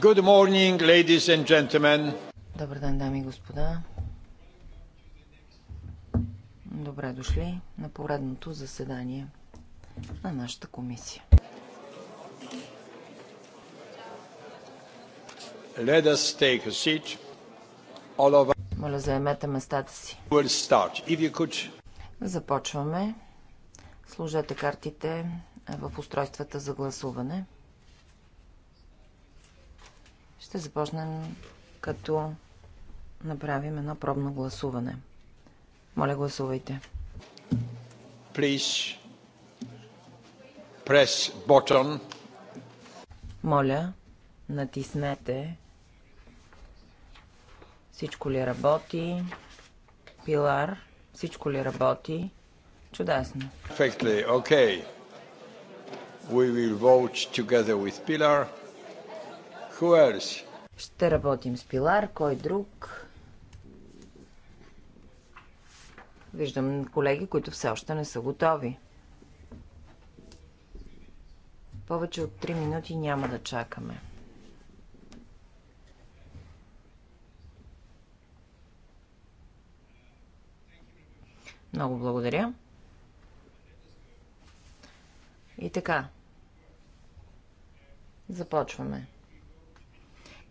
Good morning, ladies and gentlemen. Добър ден, дами и господа. Добре дошли на поредното заседание на нашата комисия. Let us take a seat. All of Моля, заемете местата си. We'll start. If you could... Започваме. Служете картите в устройствата за гласуване. Ще започнем като направим едно пробно гласуване. Моля, гласувайте. Please press button. Моля, натиснете. Всичко ли работи? Пилар, всичко ли работи? Чудесно. Perfectly, okay. We will vote together with Pilar. Who Ще работим с Пилар, кой друг? Виждам колеги, които все още не са готови. Повече от 3 минути няма да чакаме. Много благодаря. И така. Започваме.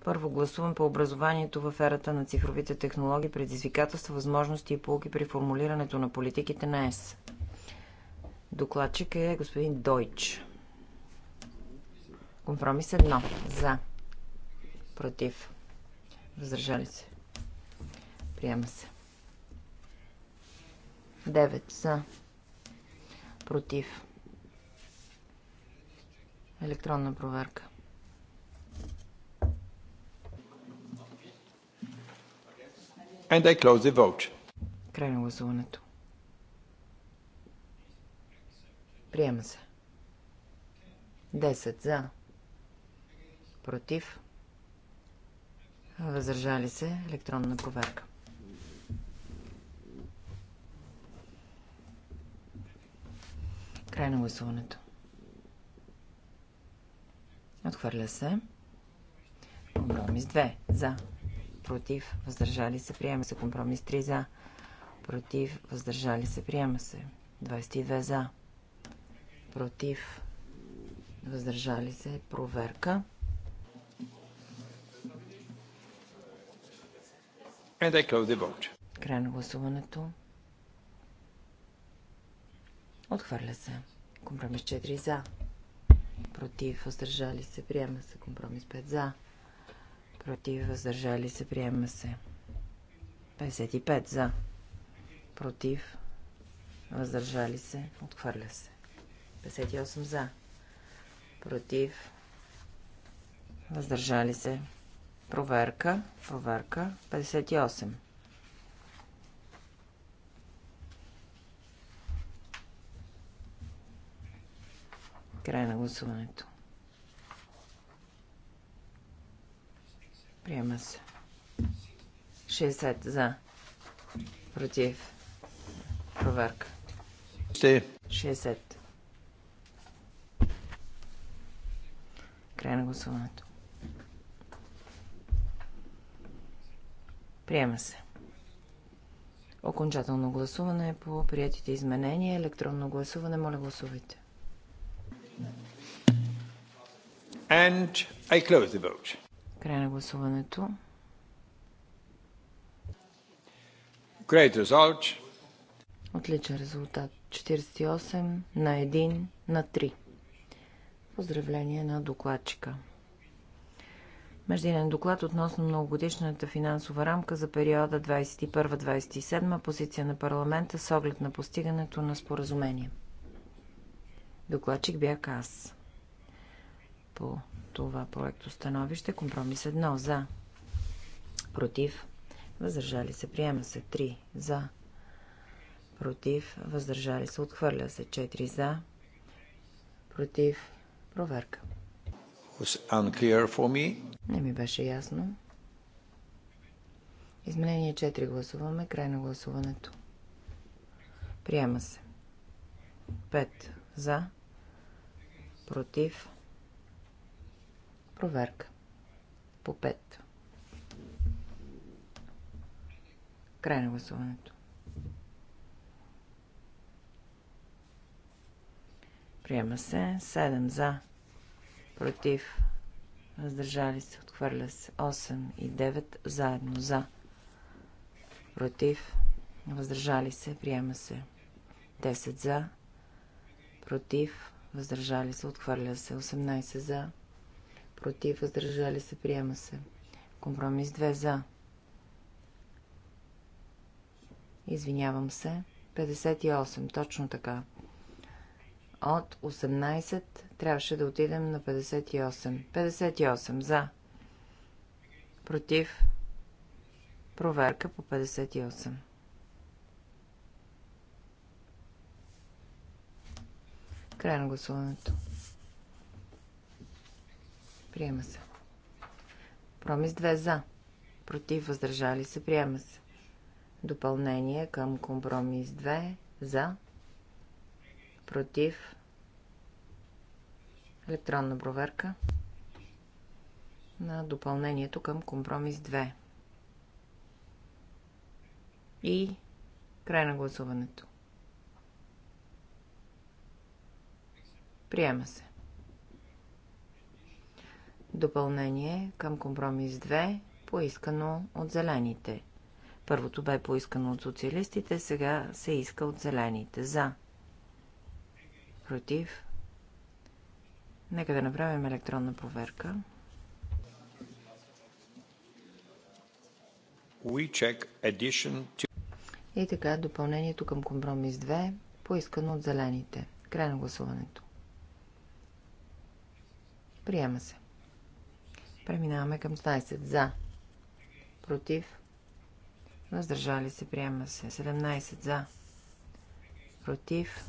Първо гласуван по образованието в ерата на цифровите технологии, предизвикателства, възможности и полки при формулирането на политиките на ЕС. Докладчик е господин Дойч. Компромис 1. За. Против. Въздържали се. Приема се. Девет За. Против. Електронна проверка. And I close the vote. Край на гласуването. Приема се. 10 за. Против. Въздържали се. Електронна проверка. Край на гласуването. Отхвърля се. Компромис 2. За против, въздържали се, приема се. Компромис 3 за, против, въздържали се, приема се. 22 за, против, въздържали се, проверка. And the vote. Край на гласуването. Отхвърля се. Компромис 4 за. Против, въздържали се, приема се. Компромис 5 за против, въздържали се, приема се. 55 за, против, въздържали се, отхвърля се. 58 за, против, въздържали се. Проверка, проверка, 58. Край на гласуването. Приема се. 60 за. Против. Проверка. 60. Край на гласуването. Приема се. Окончателно гласуване по приятите изменения. Електронно гласуване. Моля гласувайте. And I close the vote. Край на гласуването. Great result. Отличен резултат. 48 на 1 на 3. Поздравление на докладчика. Междинен доклад относно многогодишната финансова рамка за периода 21-27 позиция на парламента с оглед на постигането на споразумение. Докладчик бях аз по това проекто становище. Компромис 1 за. Против. Въздържали се. Приема се. 3 за. Против. Въздържали се. Отхвърля се. 4 за. Против. Проверка. Не ми беше ясно. Изменение 4 гласуваме. Край на гласуването. Приема се. 5 за. Против. Проверка. По 5. Край на гласуването. Приема се. 7 за. Против. Въздържали се. Отхвърля се. 8 и 9 заедно за. Против. Въздържали се. Приема се. 10 за. Против. Въздържали се. Отхвърля се. 18 за против, въздържали се, приема се. Компромис 2 за. Извинявам се. 58, точно така. От 18 трябваше да отидем на 58. 58 за. Против. Проверка по 58. Край на гласуването. Приема се. Промис 2 за. Против. Въздържали се. Приема се. Допълнение към компромис 2 за. Против. Електронна проверка на допълнението към компромис 2. И край на гласуването. Приема се допълнение към компромис 2, поискано от зелените. Първото бе поискано от социалистите, сега се иска от зелените. За. Против. Нека да направим електронна проверка. To... И така, допълнението към компромис 2, поискано от зелените. Край на гласуването. Приема се. Преминаваме към 20. За. Против. Въздържали се. Приема се. 17. За. Против.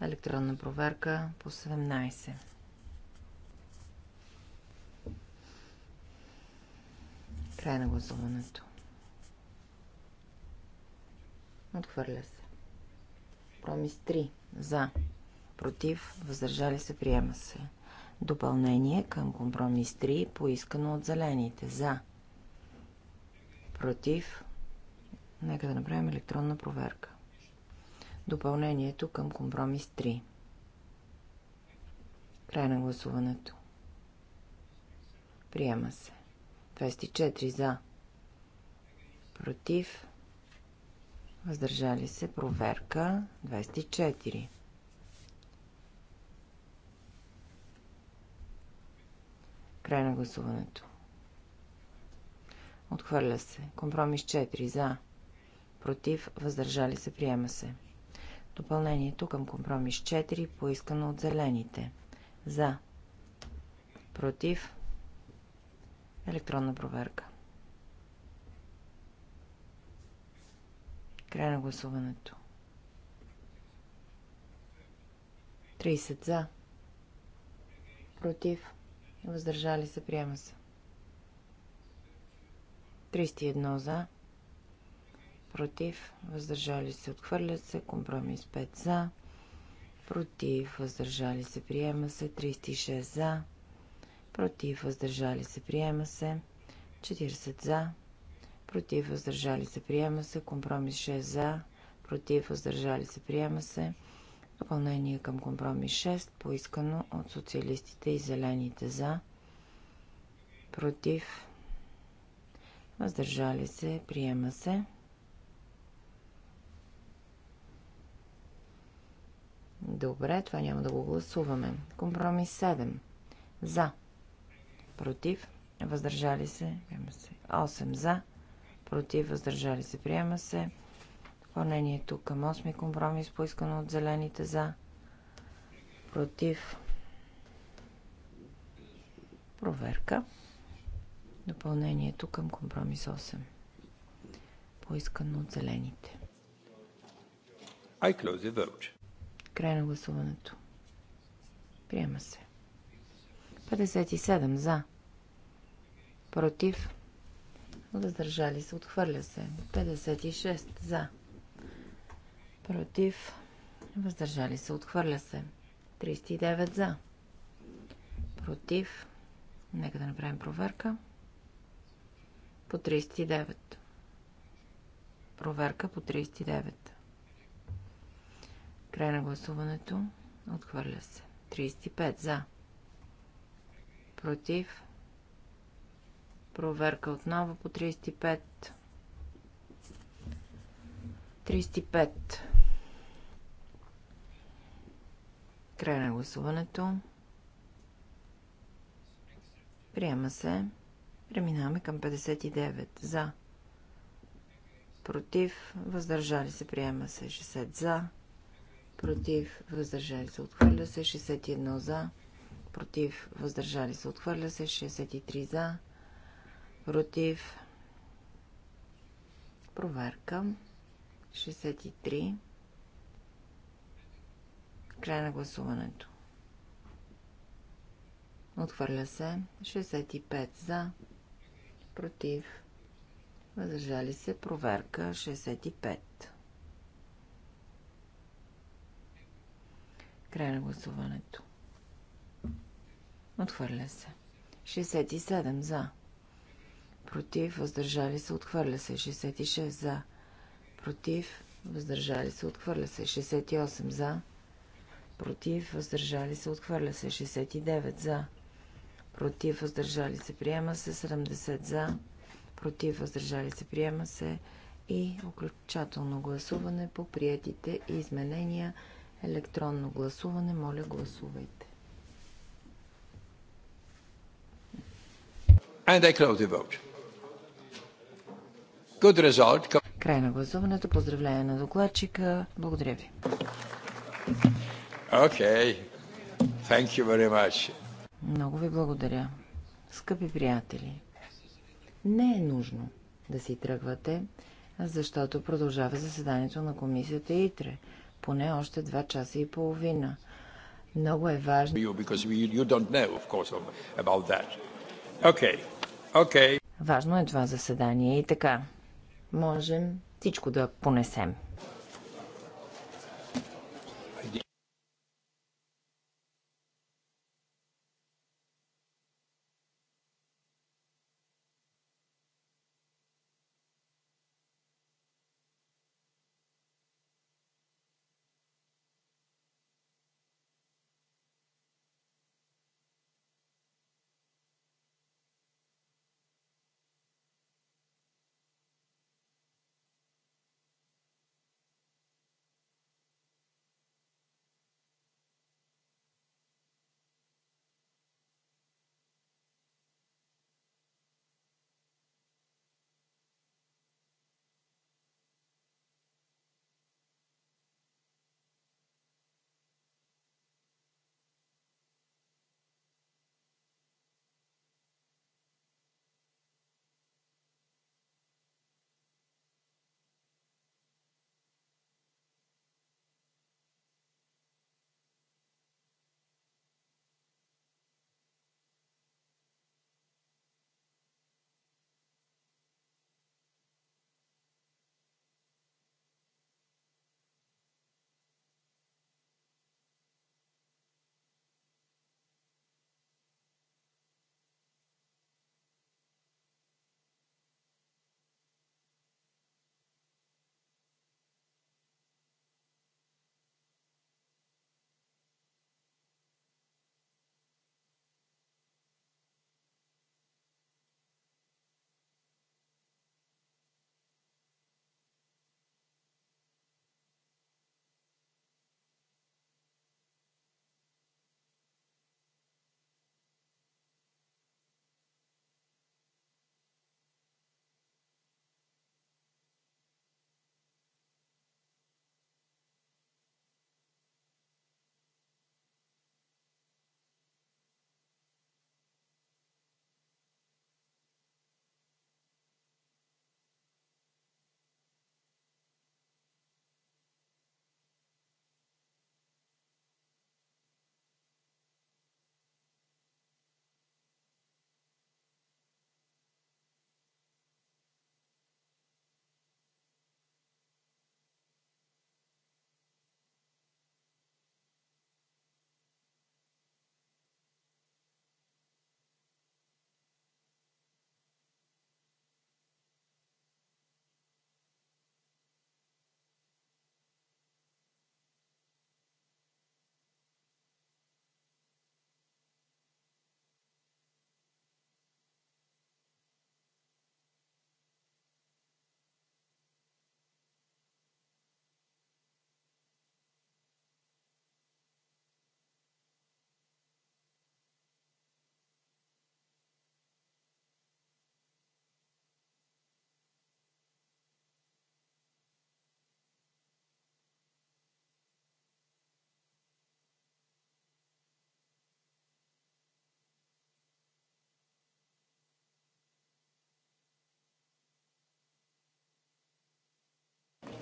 Електронна проверка по 17. Край на гласуването. Отхвърля се. Промис 3. За. Против. Въздържали се. Приема се. Допълнение към компромис 3, поискано от зелените. За. Против. Нека да направим електронна проверка. Допълнението към компромис 3. Край на гласуването. Приема се. 24 за. Против. Въздържали се. Проверка. 24. Край на гласуването. Отхвърля се. Компромис 4. За. Против. Въздържали се. Приема се. Допълнението към компромис 4, поискано от зелените. За. Против. Електронна проверка. Край на гласуването. 30 за. Против. Въздържали се, приема се. 31 за. Против. Въздържали се, отхвърлят се. Компромис 5 за. Против. Въздържали се, приема се. 36 за. Против. Въздържали се, приема се. 40 за. Против. Въздържали се, приема се. Компромис 6 за. Против. Въздържали се, приема се. Допълнение към компромис 6, поискано от социалистите и зелените за, против, въздържали се, приема се. Добре, това няма да го гласуваме. Компромис 7. За. Против. Въздържали се. Приема се. 8 за. Против. Въздържали се. Приема се. Допълнението към 8 компромис, поискано от зелените за. Против. Проверка допълнението към компромис 8, поискано от зелените. I close the vote. Край на гласуването. Приема се. 57 за. Против. Въздържали се. Отхвърля се. 56 за. Против. Въздържали се. Отхвърля се. 39 за. Против. Нека да направим проверка по 39. Проверка по 39. Край на гласуването. Отхвърля се. 35 за. Против. Проверка отново по 35. 35. Край на гласуването. Приема се. Преминаваме към 59. За. Против. Въздържали се. Приема се. 60 за. Против. Въздържали се. Отхвърля се. 61 за. Против. Въздържали се. Отхвърля се. 63 за. Против. Проверка. 63. Край на гласуването. Отхвърля се. 65 за против, въздържали се, проверка 65. Край на гласуването. Отхвърля се. 67 за. Против, въздържали се, отхвърля се. 66 за. Против, въздържали се, отхвърля се. 68 за. Против, въздържали се, отхвърля се. 69 за против, въздържали се, приема се. 70 за, против, въздържали се, приема се. И окончателно гласуване по приятите изменения. Електронно гласуване. Моля, гласувайте. And I close the vote. Good result. Край на гласуването. Поздравление на докладчика. Благодаря ви. Okay. Thank you very much. Много ви благодаря. Скъпи приятели, не е нужно да си тръгвате, защото продължава заседанието на комисията ИТРЕ. Поне още два часа и половина. Много е важно. Важно е това заседание и така. Можем всичко да понесем.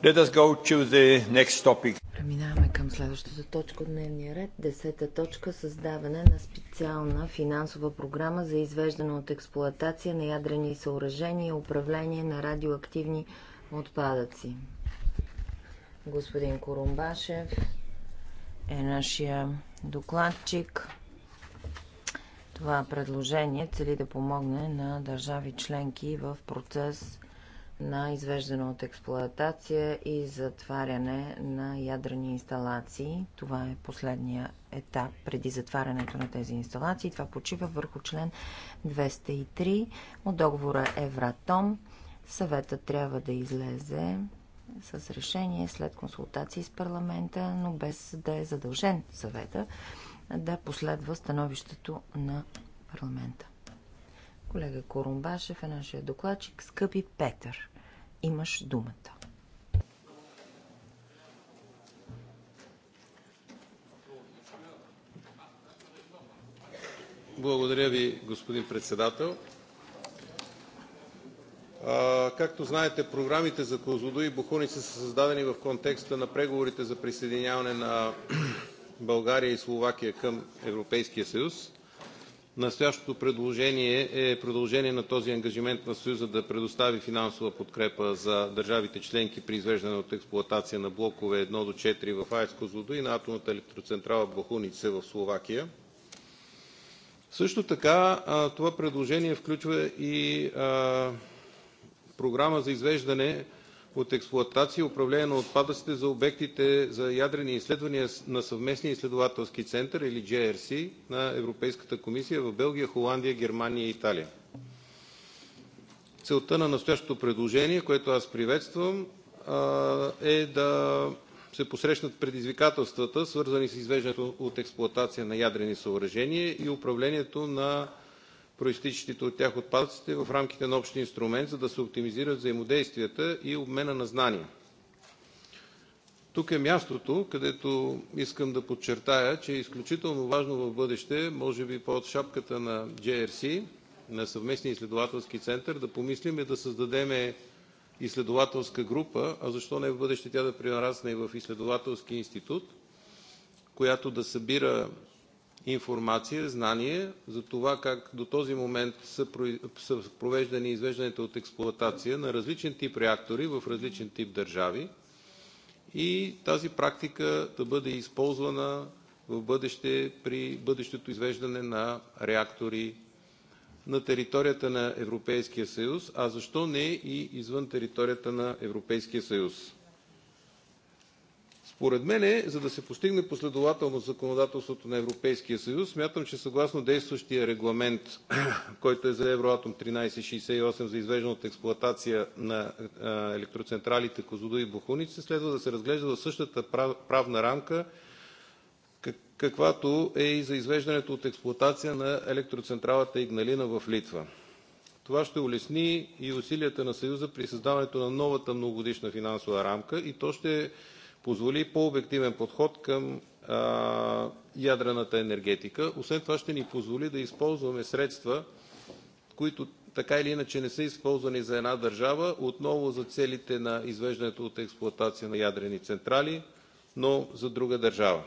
Let us go to the next topic. Преминаваме към следващата точка от дневния ред. Десета точка – създаване на специална финансова програма за извеждане от експлоатация на ядрени съоръжения и управление на радиоактивни отпадъци. Господин Корумбашев е нашия докладчик. Това предложение цели да помогне на държави членки в процес на извеждане от експлоатация и затваряне на ядрени инсталации. Това е последния етап преди затварянето на тези инсталации. Това почива върху член 203 от договора Евратом. Съветът трябва да излезе с решение след консултации с парламента, но без да е задължен съвета да последва становището на парламента. Колега Корумбашев е нашия докладчик. Скъпи Петър, имаш думата. Благодаря ви, господин председател. А, както знаете, програмите за Козлодо и Бухуница са създадени в контекста на преговорите за присъединяване на България и Словакия към Европейския съюз. Настоящото предложение е продължение на този ангажимент на Съюза да предостави финансова подкрепа за държавите членки при извеждане от експлоатация на блокове 1 до 4 в АЕЦ „Козлодуй“ и на атомната електроцентрала Бахуница в Словакия. Също така това предложение включва и програма за извеждане от експлоатация и управление на отпадъците за обектите за ядрени изследвания на Съвместния изследователски център или JRC на Европейската комисия в Белгия, Холандия, Германия и Италия. Целта на настоящото предложение, което аз приветствам, е да се посрещнат предизвикателствата, свързани с извеждането от експлоатация на ядрени съоръжения и управлението на произтичащите от тях отпадъци в рамките на общ инструмент, за да се оптимизират взаимодействията и обмена на знания. Тук е мястото, където искам да подчертая, че е изключително важно в бъдеще, може би под шапката на JRC, на съвместния изследователски център, да помислим да създадем изследователска група, а защо не в бъдеще тя да прерасне и в изследователски институт, която да събира информация, знание за това как до този момент са провеждани извеждането от експлоатация на различен тип реактори в различен тип държави и тази практика да бъде използвана в бъдеще при бъдещето извеждане на реактори на територията на Европейския съюз, а защо не и извън територията на Европейския съюз. Според мен, за да се постигне последователно законодателството на Европейския съюз, смятам, че съгласно действащия регламент, който е за Евроатом 1368 за извеждане от експлоатация на електроцентралите Козлодуй и Бохуница, следва да се разглежда в същата правна рамка, каквато е и за извеждането от експлоатация на електроцентралата Игналина в Литва. Това ще улесни и усилията на Съюза при създаването на новата многогодишна финансова рамка и то ще позволи по-обективен подход към а, ядрената енергетика. Освен това ще ни позволи да използваме средства, които така или иначе не са използвани за една държава, отново за целите на извеждането от експлоатация на ядрени централи, но за друга държава.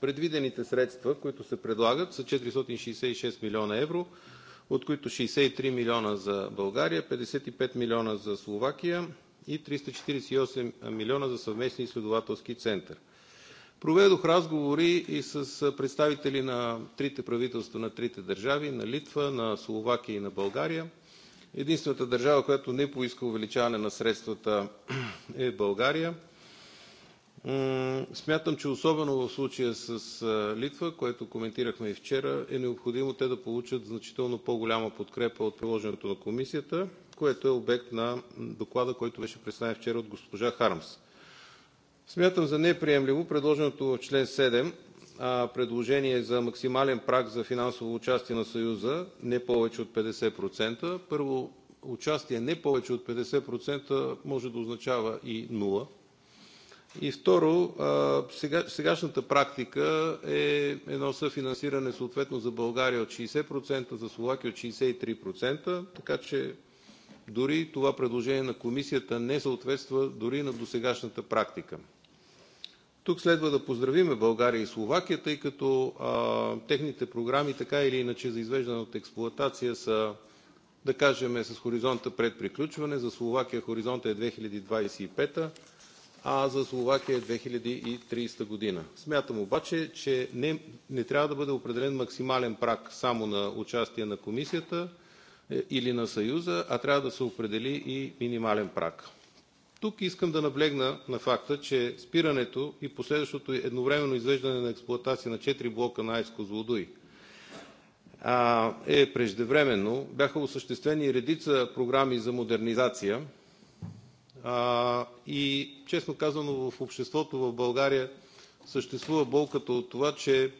Предвидените средства, които се предлагат, са 466 милиона евро, от които 63 милиона за България, 55 милиона за Словакия, и 348 милиона за съвместни изследователски център. Проведох разговори и с представители на трите правителства на трите държави – на Литва, на Словакия и на България. Единствената държава, която не поиска увеличаване на средствата, е България. Смятам, че особено в случая с Литва, което коментирахме и вчера, е необходимо те да получат значително по-голяма подкрепа от приложеното на Комисията което е обект на доклада, който беше представен вчера от госпожа Хармс. Смятам за неприемливо предложеното в член 7 предложение за максимален праг за финансово участие на Съюза не повече от 50%. Първо, участие не повече от 50% може да означава и нула. И второ, сега, сегашната практика е едно съфинансиране съответно за България от 60%, за Словакия от 63%, така че дори това предложение на комисията не съответства дори на досегашната практика. Тук следва да поздравим България и Словакия, тъй като а, техните програми, така или иначе, за извеждане от експлоатация са, да кажем, с хоризонта пред приключване. За Словакия хоризонта е 2025, а за Словакия е 2030 година. Смятам обаче, че не, не трябва да бъде определен максимален прак само на участие на комисията, е, или на Съюза, а трябва да се определи и минимален праг. Тук искам да наблегна на факта, че спирането и последващото едновременно извеждане на експлоатация на четири блока на АЕЦ „Козлодуй“ е преждевременно. Бяха осъществени редица програми за модернизация и честно казано в обществото в България съществува болката от това, че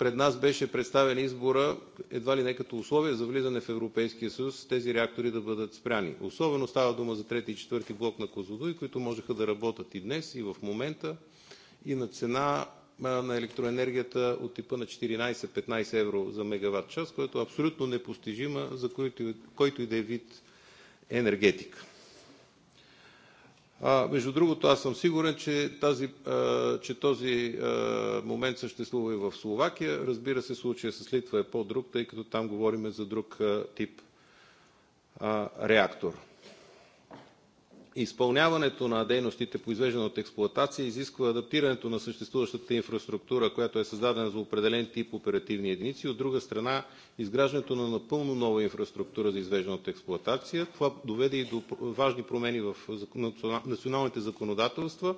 пред нас беше представен избора едва ли не като условие за влизане в Европейския съюз, тези реактори да бъдат спряни. Особено става дума за трети и четвърти блок на Козлодуй, които можеха да работят и днес, и в момента, и на цена на електроенергията от типа на 14-15 евро за мегаватт час, което е абсолютно непостижима за който и да е вид енергетика. Между другото, аз съм сигурен, че, тази, че този момент съществува и в Словакия. Разбира се, случая с Литва е по-друг, тъй като там говорим за друг тип реактор. Изпълняването на дейностите по извеждане от експлоатация изисква адаптирането на съществуващата инфраструктура, която е създадена за определен тип оперативни единици, и, от друга страна, изграждането на напълно нова инфраструктура за извеждане от експлоатация. Това доведе и до важни промени в националните законодателства,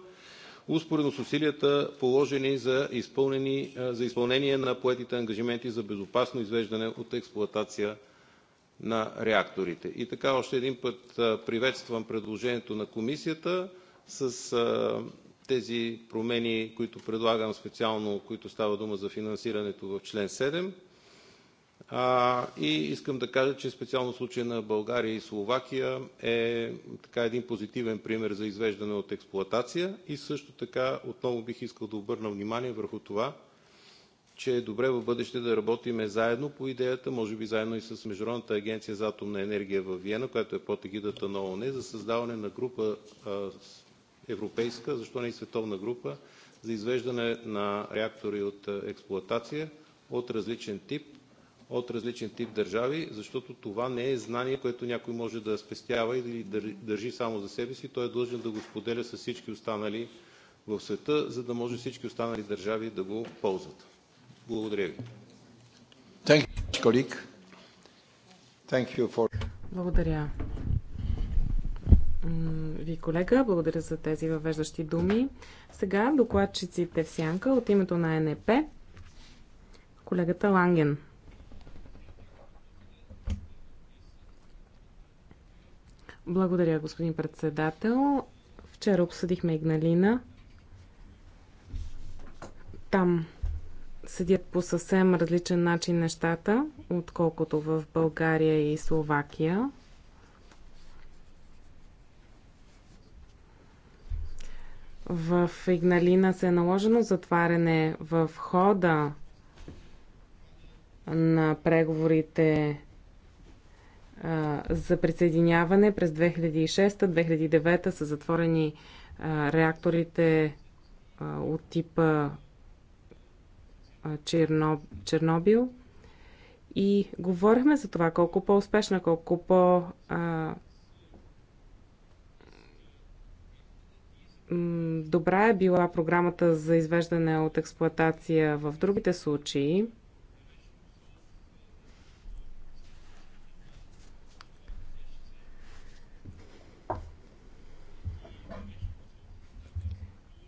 успоредно с усилията, положени за, за изпълнение на поетите ангажименти за безопасно извеждане от експлоатация на реакторите. И така още един път приветствам предложението на комисията с тези промени, които предлагам специално, които става дума за финансирането в член 7. А, и искам да кажа, че специално случай на България и Словакия е така един позитивен пример за извеждане от експлоатация и също така отново бих искал да обърна внимание върху това, че е добре в бъдеще да работим заедно по идеята, може би заедно и с Международната агенция за атомна енергия във Виена, която е под егидата на ООН, за създаване на група европейска, защо не и световна група, за извеждане на реактори от експлоатация от различен тип, от различен тип държави, защото това не е знание, което някой може да спестява или да държи само за себе си. Той е длъжен да го споделя с всички останали в света, за да може всички останали държави да го ползват. Благодаря ви. Благодаря ви, колега. Благодаря за тези въвеждащи думи. Сега докладчиците в сянка от името на НП. Колегата Ланген. Благодаря, господин председател. Вчера обсъдихме Игналина. Там съдят по съвсем различен начин нещата, отколкото в България и Словакия. В Игналина се е наложено затваряне в хода на преговорите а, за присъединяване през 2006-2009 са затворени а, реакторите а, от типа Черно, Чернобил. И говорихме за това колко по-успешна, колко по- а, добра е била програмата за извеждане от експлоатация в другите случаи.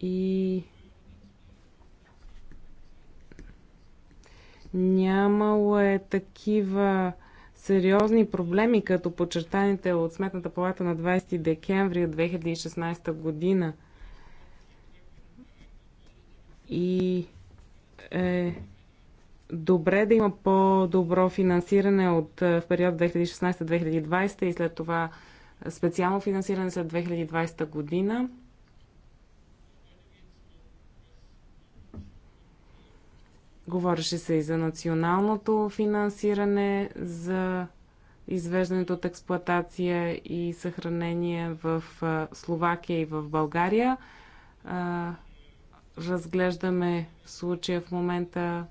И Нямало е такива сериозни проблеми, като подчертаните от Сметната палата на 20 декември 2016 година. И е добре да има по-добро финансиране от е, в период 2016-2020 и след това специално финансиране след 2020 година. Говореше се и за националното финансиране, за извеждането от експлоатация и съхранение в Словакия и в България. Разглеждаме случая в момента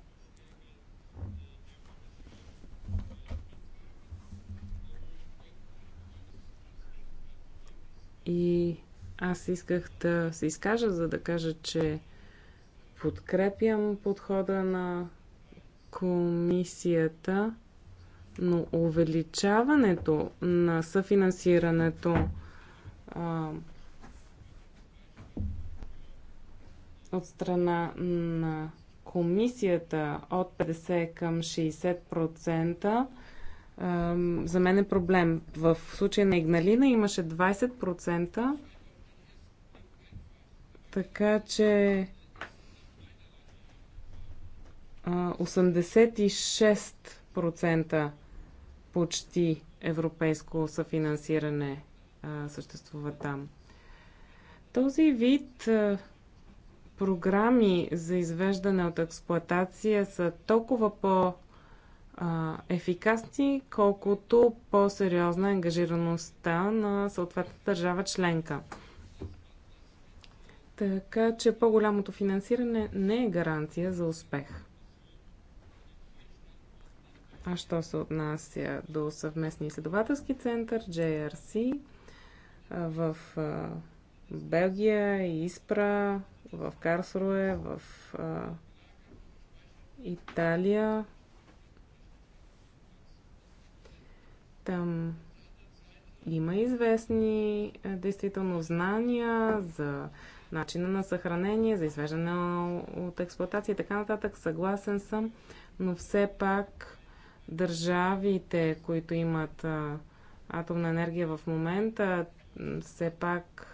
и аз исках да се изкажа, за да кажа, че Подкрепям подхода на комисията, но увеличаването на съфинансирането а, от страна на комисията от 50 към 60% за мен е проблем. В случая на Игналина имаше 20%, така че 86% почти европейско съфинансиране съществува там. Този вид програми за извеждане от експлоатация са толкова по- ефикасни, колкото по-сериозна е ангажираността на съответната държава членка. Така че по-голямото финансиране не е гаранция за успех. А що се отнася до съвместния изследователски център, JRC, в Белгия, Испра, в Карсруе, в Италия. Там има известни действително знания за начина на съхранение, за извеждане от експлуатация и така нататък. Съгласен съм, но все пак държавите, които имат а, атомна енергия в момента, все пак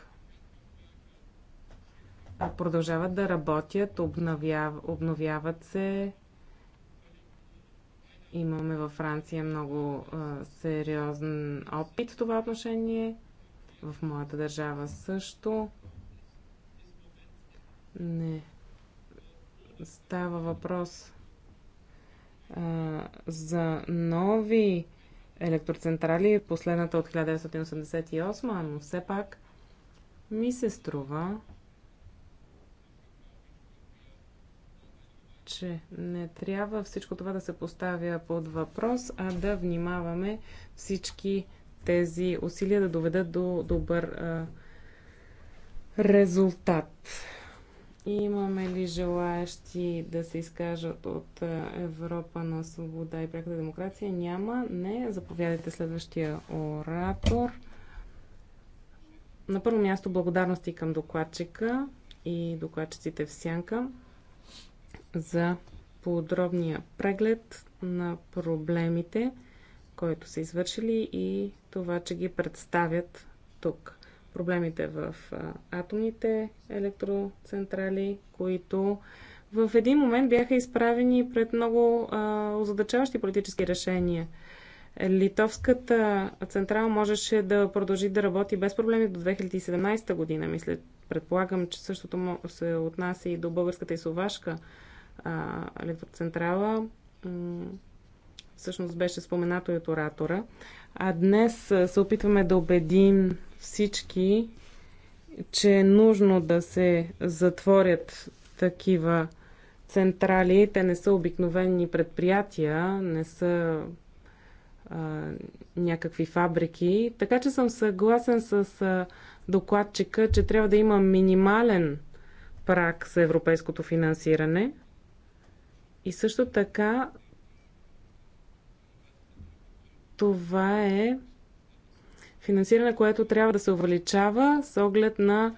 продължават да работят, обновяв, обновяват се. Имаме във Франция много а, сериозен опит в това отношение. В моята държава също. Не. Става въпрос за нови електроцентрали, е последната от 1988, но все пак ми се струва, че не трябва всичко това да се поставя под въпрос, а да внимаваме всички тези усилия да доведат до добър а, резултат. Имаме ли желаящи да се изкажат от е, Европа на свобода и пряката демокрация? Няма. Не. Заповядайте следващия оратор. На първо място благодарности към докладчика и докладчиците в Сянка за подробния преглед на проблемите, които са извършили и това, че ги представят тук проблемите в атомните електроцентрали, които в един момент бяха изправени пред много озадачаващи политически решения. Литовската централа можеше да продължи да работи без проблеми до 2017 година. Мисля, предполагам, че същото се отнася и до българската и словашка електроцентрала всъщност беше споменато и от оратора. А днес се опитваме да убедим всички, че е нужно да се затворят такива централи. Те не са обикновени предприятия, не са а, някакви фабрики. Така че съм съгласен с а, докладчика, че трябва да има минимален прак за европейското финансиране. И също така това е финансиране, което трябва да се увеличава с оглед на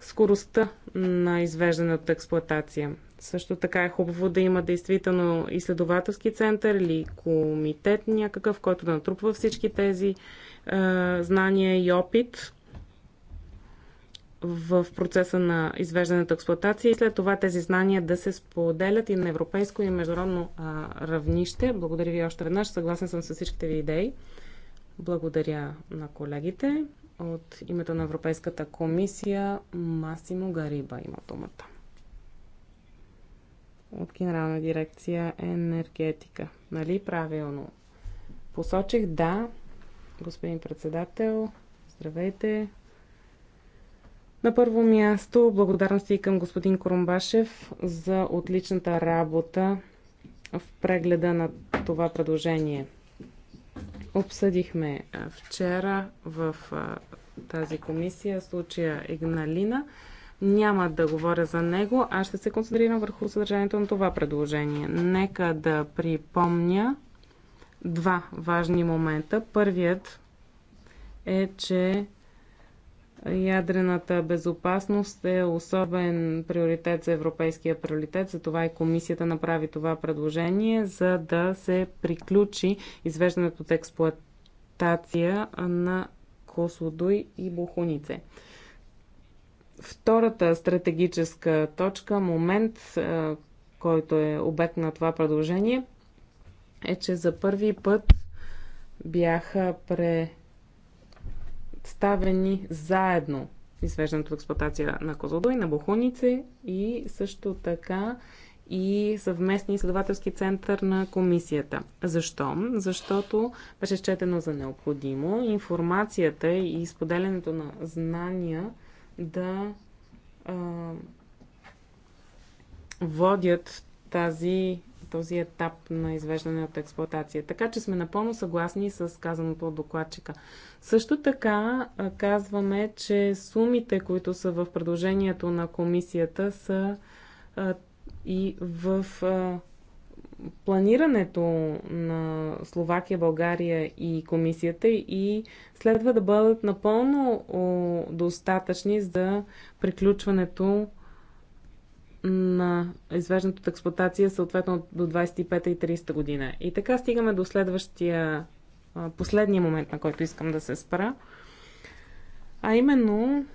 скоростта на извеждане от експлоатация. Също така е хубаво да има действително изследователски център или комитет някакъв, който да натрупва всички тези е, знания и опит в процеса на извеждането експлуатация и след това тези знания да се споделят и на европейско и международно а, равнище. Благодаря ви още веднъж. Съгласен съм с всичките ви идеи. Благодаря на колегите. От името на Европейската комисия Масимо Гариба има думата. От Генерална дирекция енергетика. Нали правилно? Посочих да, господин председател. Здравейте. На първо място, благодарности към господин Корумбашев за отличната работа в прегледа на това предложение. Обсъдихме вчера в тази комисия случая Игналина. Няма да говоря за него, а ще се концентрирам върху съдържанието на това предложение. Нека да припомня два важни момента. Първият е, че Ядрената безопасност е особен приоритет за европейския приоритет, затова и комисията направи това предложение, за да се приключи извеждането от експлуатация на Кослодуй и Бухунице. Втората стратегическа точка, момент, който е обект на това предложение, е, че за първи път бяха пре представени заедно извеждането в експлуатация на Козлодой, на Бохунице и също така и съвместния изследователски център на комисията. Защо? Защото беше счетено за необходимо информацията и споделянето на знания да а, водят тази този етап на извеждане от експлоатация. Така че сме напълно съгласни с казаното от докладчика. Също така казваме, че сумите, които са в предложението на комисията, са и в планирането на Словакия, България и комисията и следва да бъдат напълно достатъчни за приключването на извеждането от експлуатация съответно до 25 и 30 година. И така стигаме до следващия, последния момент, на който искам да се спра, а именно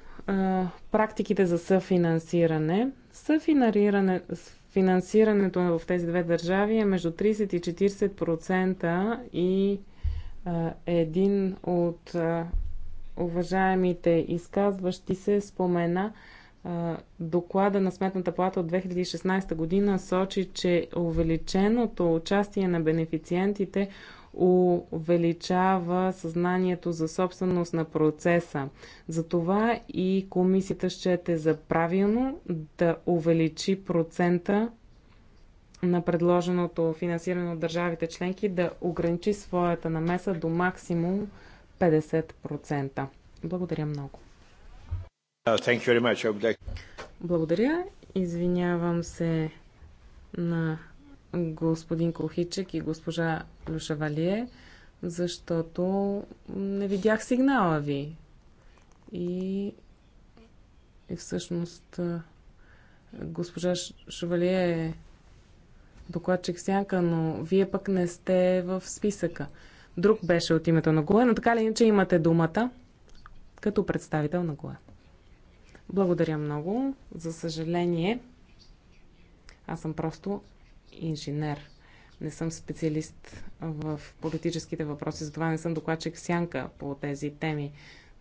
практиките за съфинансиране. Съфинансиране, финансирането в тези две държави е между 30 и 40% и а, един от а, уважаемите изказващи се спомена, Доклада на Сметната плата от 2016 година сочи, че увеличеното участие на бенефициентите увеличава съзнанието за собственост на процеса. Затова и комисията ще те за правилно да увеличи процента на предложеното финансиране от държавите членки да ограничи своята намеса до максимум 50%. Благодаря много. Uh, Благодаря. Извинявам се на господин Колхичек и госпожа Люшавалие, защото не видях сигнала ви. И, и всъщност госпожа Шавалие е докладчик сянка, но вие пък не сте в списъка. Друг беше от името на Гоя, но така ли иначе имате думата като представител на Гоя. Благодаря много. За съжаление, аз съм просто инженер. Не съм специалист в политическите въпроси, затова не съм докладчик сянка по тези теми,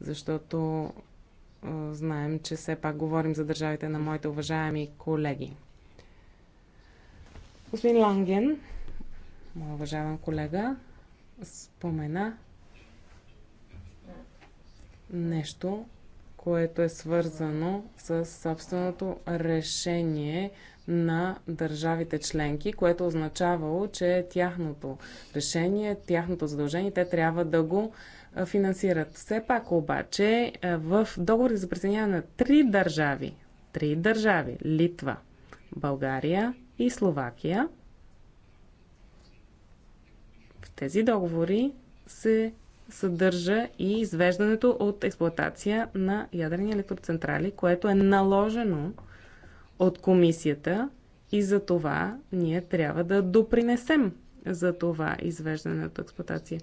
защото знаем, че все пак говорим за държавите на моите уважаеми колеги. Господин Ланген, моят уважаван колега, спомена нещо, което е свързано с собственото решение на държавите членки, което означавало, че тяхното решение, тяхното задължение, те трябва да го финансират. Все пак обаче в договори за присъединяване на три държави, три държави Литва, България и Словакия, в тези договори се съдържа и извеждането от експлоатация на ядрени електроцентрали, което е наложено от комисията и за това ние трябва да допринесем за това извеждане от експлоатация.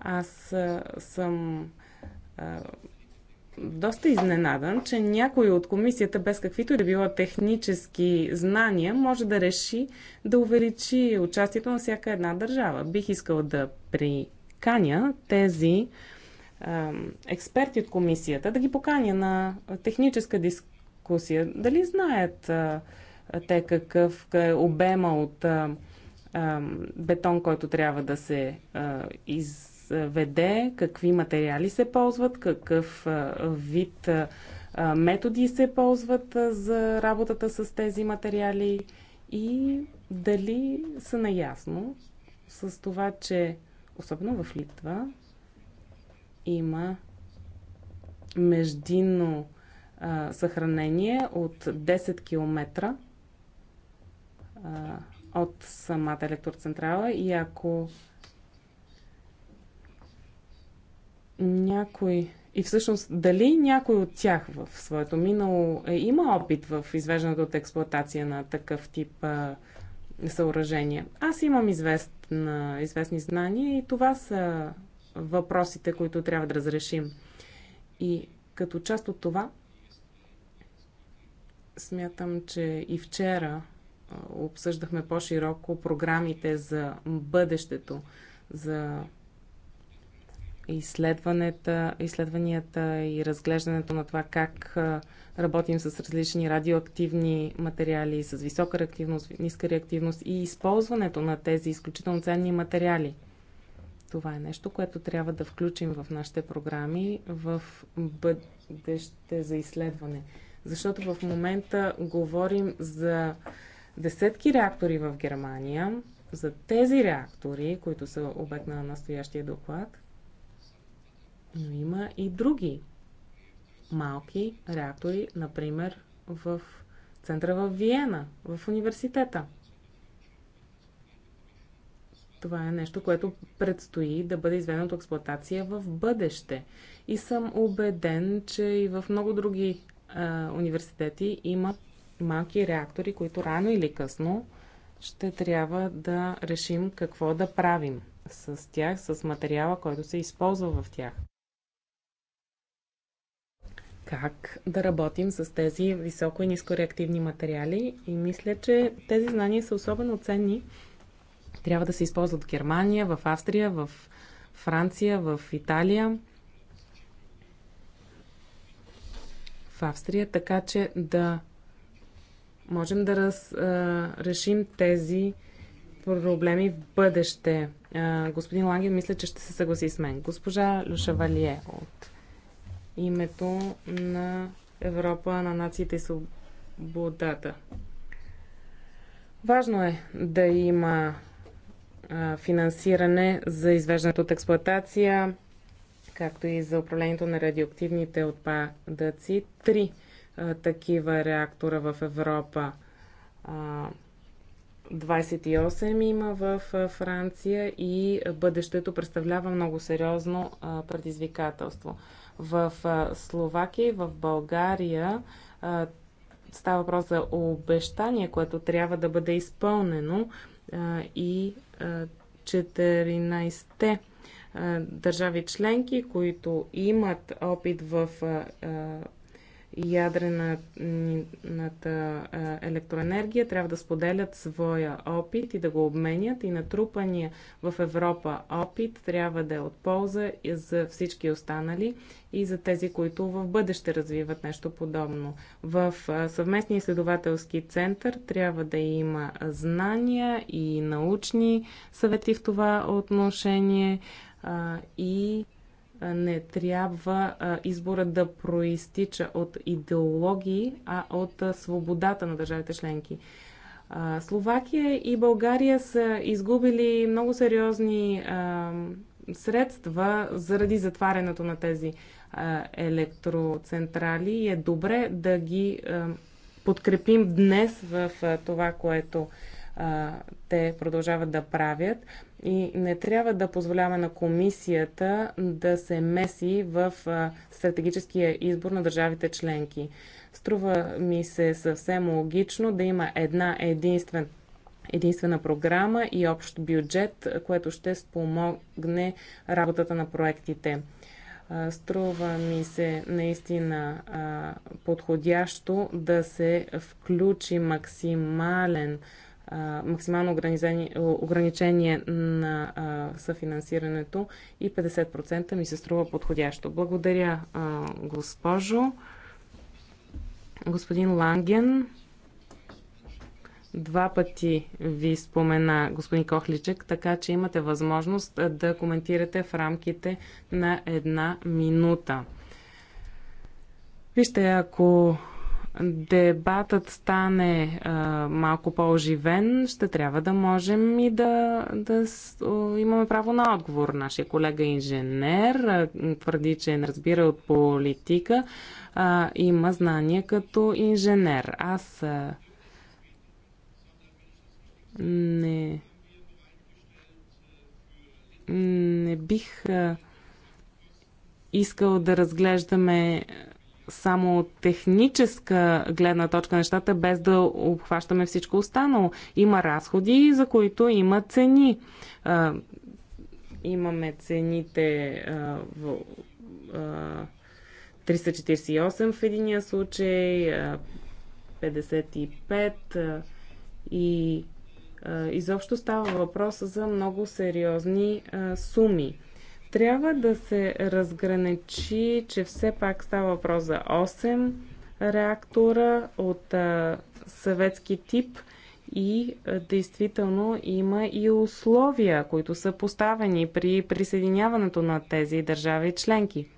Аз съм а, доста изненадан, че някой от комисията, без каквито и да било технически знания, може да реши да увеличи участието на всяка една държава. Бих искал да при поканя тези експерти от комисията, да ги поканя на техническа дискусия. Дали знаят те какъв е обема от бетон, който трябва да се изведе, какви материали се ползват, какъв вид методи се ползват за работата с тези материали и дали са наясно с това, че особено в Литва, има междинно а, съхранение от 10 км а, от самата електроцентрала и ако някой и всъщност дали някой от тях в своето минало е, има опит в извеждането от експлоатация на такъв тип а, съоръжения. Аз имам известна, известни знания и това са въпросите, които трябва да разрешим. И като част от това, смятам, че и вчера обсъждахме по-широко програмите за бъдещето, за изследванията, изследванията и разглеждането на това как работим с различни радиоактивни материали, с висока реактивност, ниска реактивност и използването на тези изключително ценни материали. Това е нещо, което трябва да включим в нашите програми в бъдеще за изследване. Защото в момента говорим за десетки реактори в Германия, за тези реактори, които са обект на настоящия доклад, но има и други малки реактори, например в центъра в Виена, в университета. Това е нещо, което предстои да бъде изведено от експлоатация в бъдеще. И съм убеден, че и в много други а, университети има малки реактори, които рано или късно ще трябва да решим какво да правим с тях, с материала, който се използва в тях как да работим с тези високо и ниско реактивни материали и мисля, че тези знания са особено ценни. Трябва да се използват в Германия, в Австрия, в Франция, в Италия. В Австрия, така че да можем да раз, а, решим тези проблеми в бъдеще. А, господин Лангин, мисля, че ще се съгласи с мен. Госпожа Люшавалие от името на Европа на нациите и свободата. Важно е да има финансиране за извеждането от експлоатация, както и за управлението на радиоактивните отпадъци. Три а, такива реактора в Европа. А, 28 има в Франция и бъдещето представлява много сериозно предизвикателство в Словакия и в България става въпрос за обещание, което трябва да бъде изпълнено и 14-те държави членки, които имат опит в ядрената електроенергия трябва да споделят своя опит и да го обменят и натрупания в Европа опит трябва да е от полза и за всички останали и за тези, които в бъдеще развиват нещо подобно. В съвместния изследователски център трябва да има знания и научни съвети в това отношение и не трябва избора да проистича от идеологии, а от свободата на държавите членки. Словакия и България са изгубили много сериозни средства заради затварянето на тези електроцентрали и е добре да ги подкрепим днес в това, което а, те продължават да правят. И не трябва да позволяваме на комисията да се меси в а, стратегическия избор на държавите членки. Струва ми се съвсем логично да има една единствена единствена програма и общ бюджет, което ще спомогне работата на проектите. Струва ми се наистина подходящо да се включи максимален а, максимално ограничение на а, съфинансирането и 50% ми се струва подходящо. Благодаря, а, госпожо. Господин Ланген, два пъти ви спомена господин Кохличек, така че имате възможност да коментирате в рамките на една минута. Вижте, ако дебатът стане а, малко по-оживен, ще трябва да можем и да, да имаме право на отговор. Нашия колега е инженер твърди, че не разбира от политика, а, има знания като инженер. Аз а, не, не бих а, искал да разглеждаме само техническа гледна точка нещата, без да обхващаме всичко останало. Има разходи, за които има цени. А, имаме цените а, в. А, 348 в единия случай, 55 и изобщо става въпрос за много сериозни суми. Трябва да се разграничи, че все пак става въпрос за 8 реактора от а, съветски тип и а, действително има и условия, които са поставени при присъединяването на тези държави членки.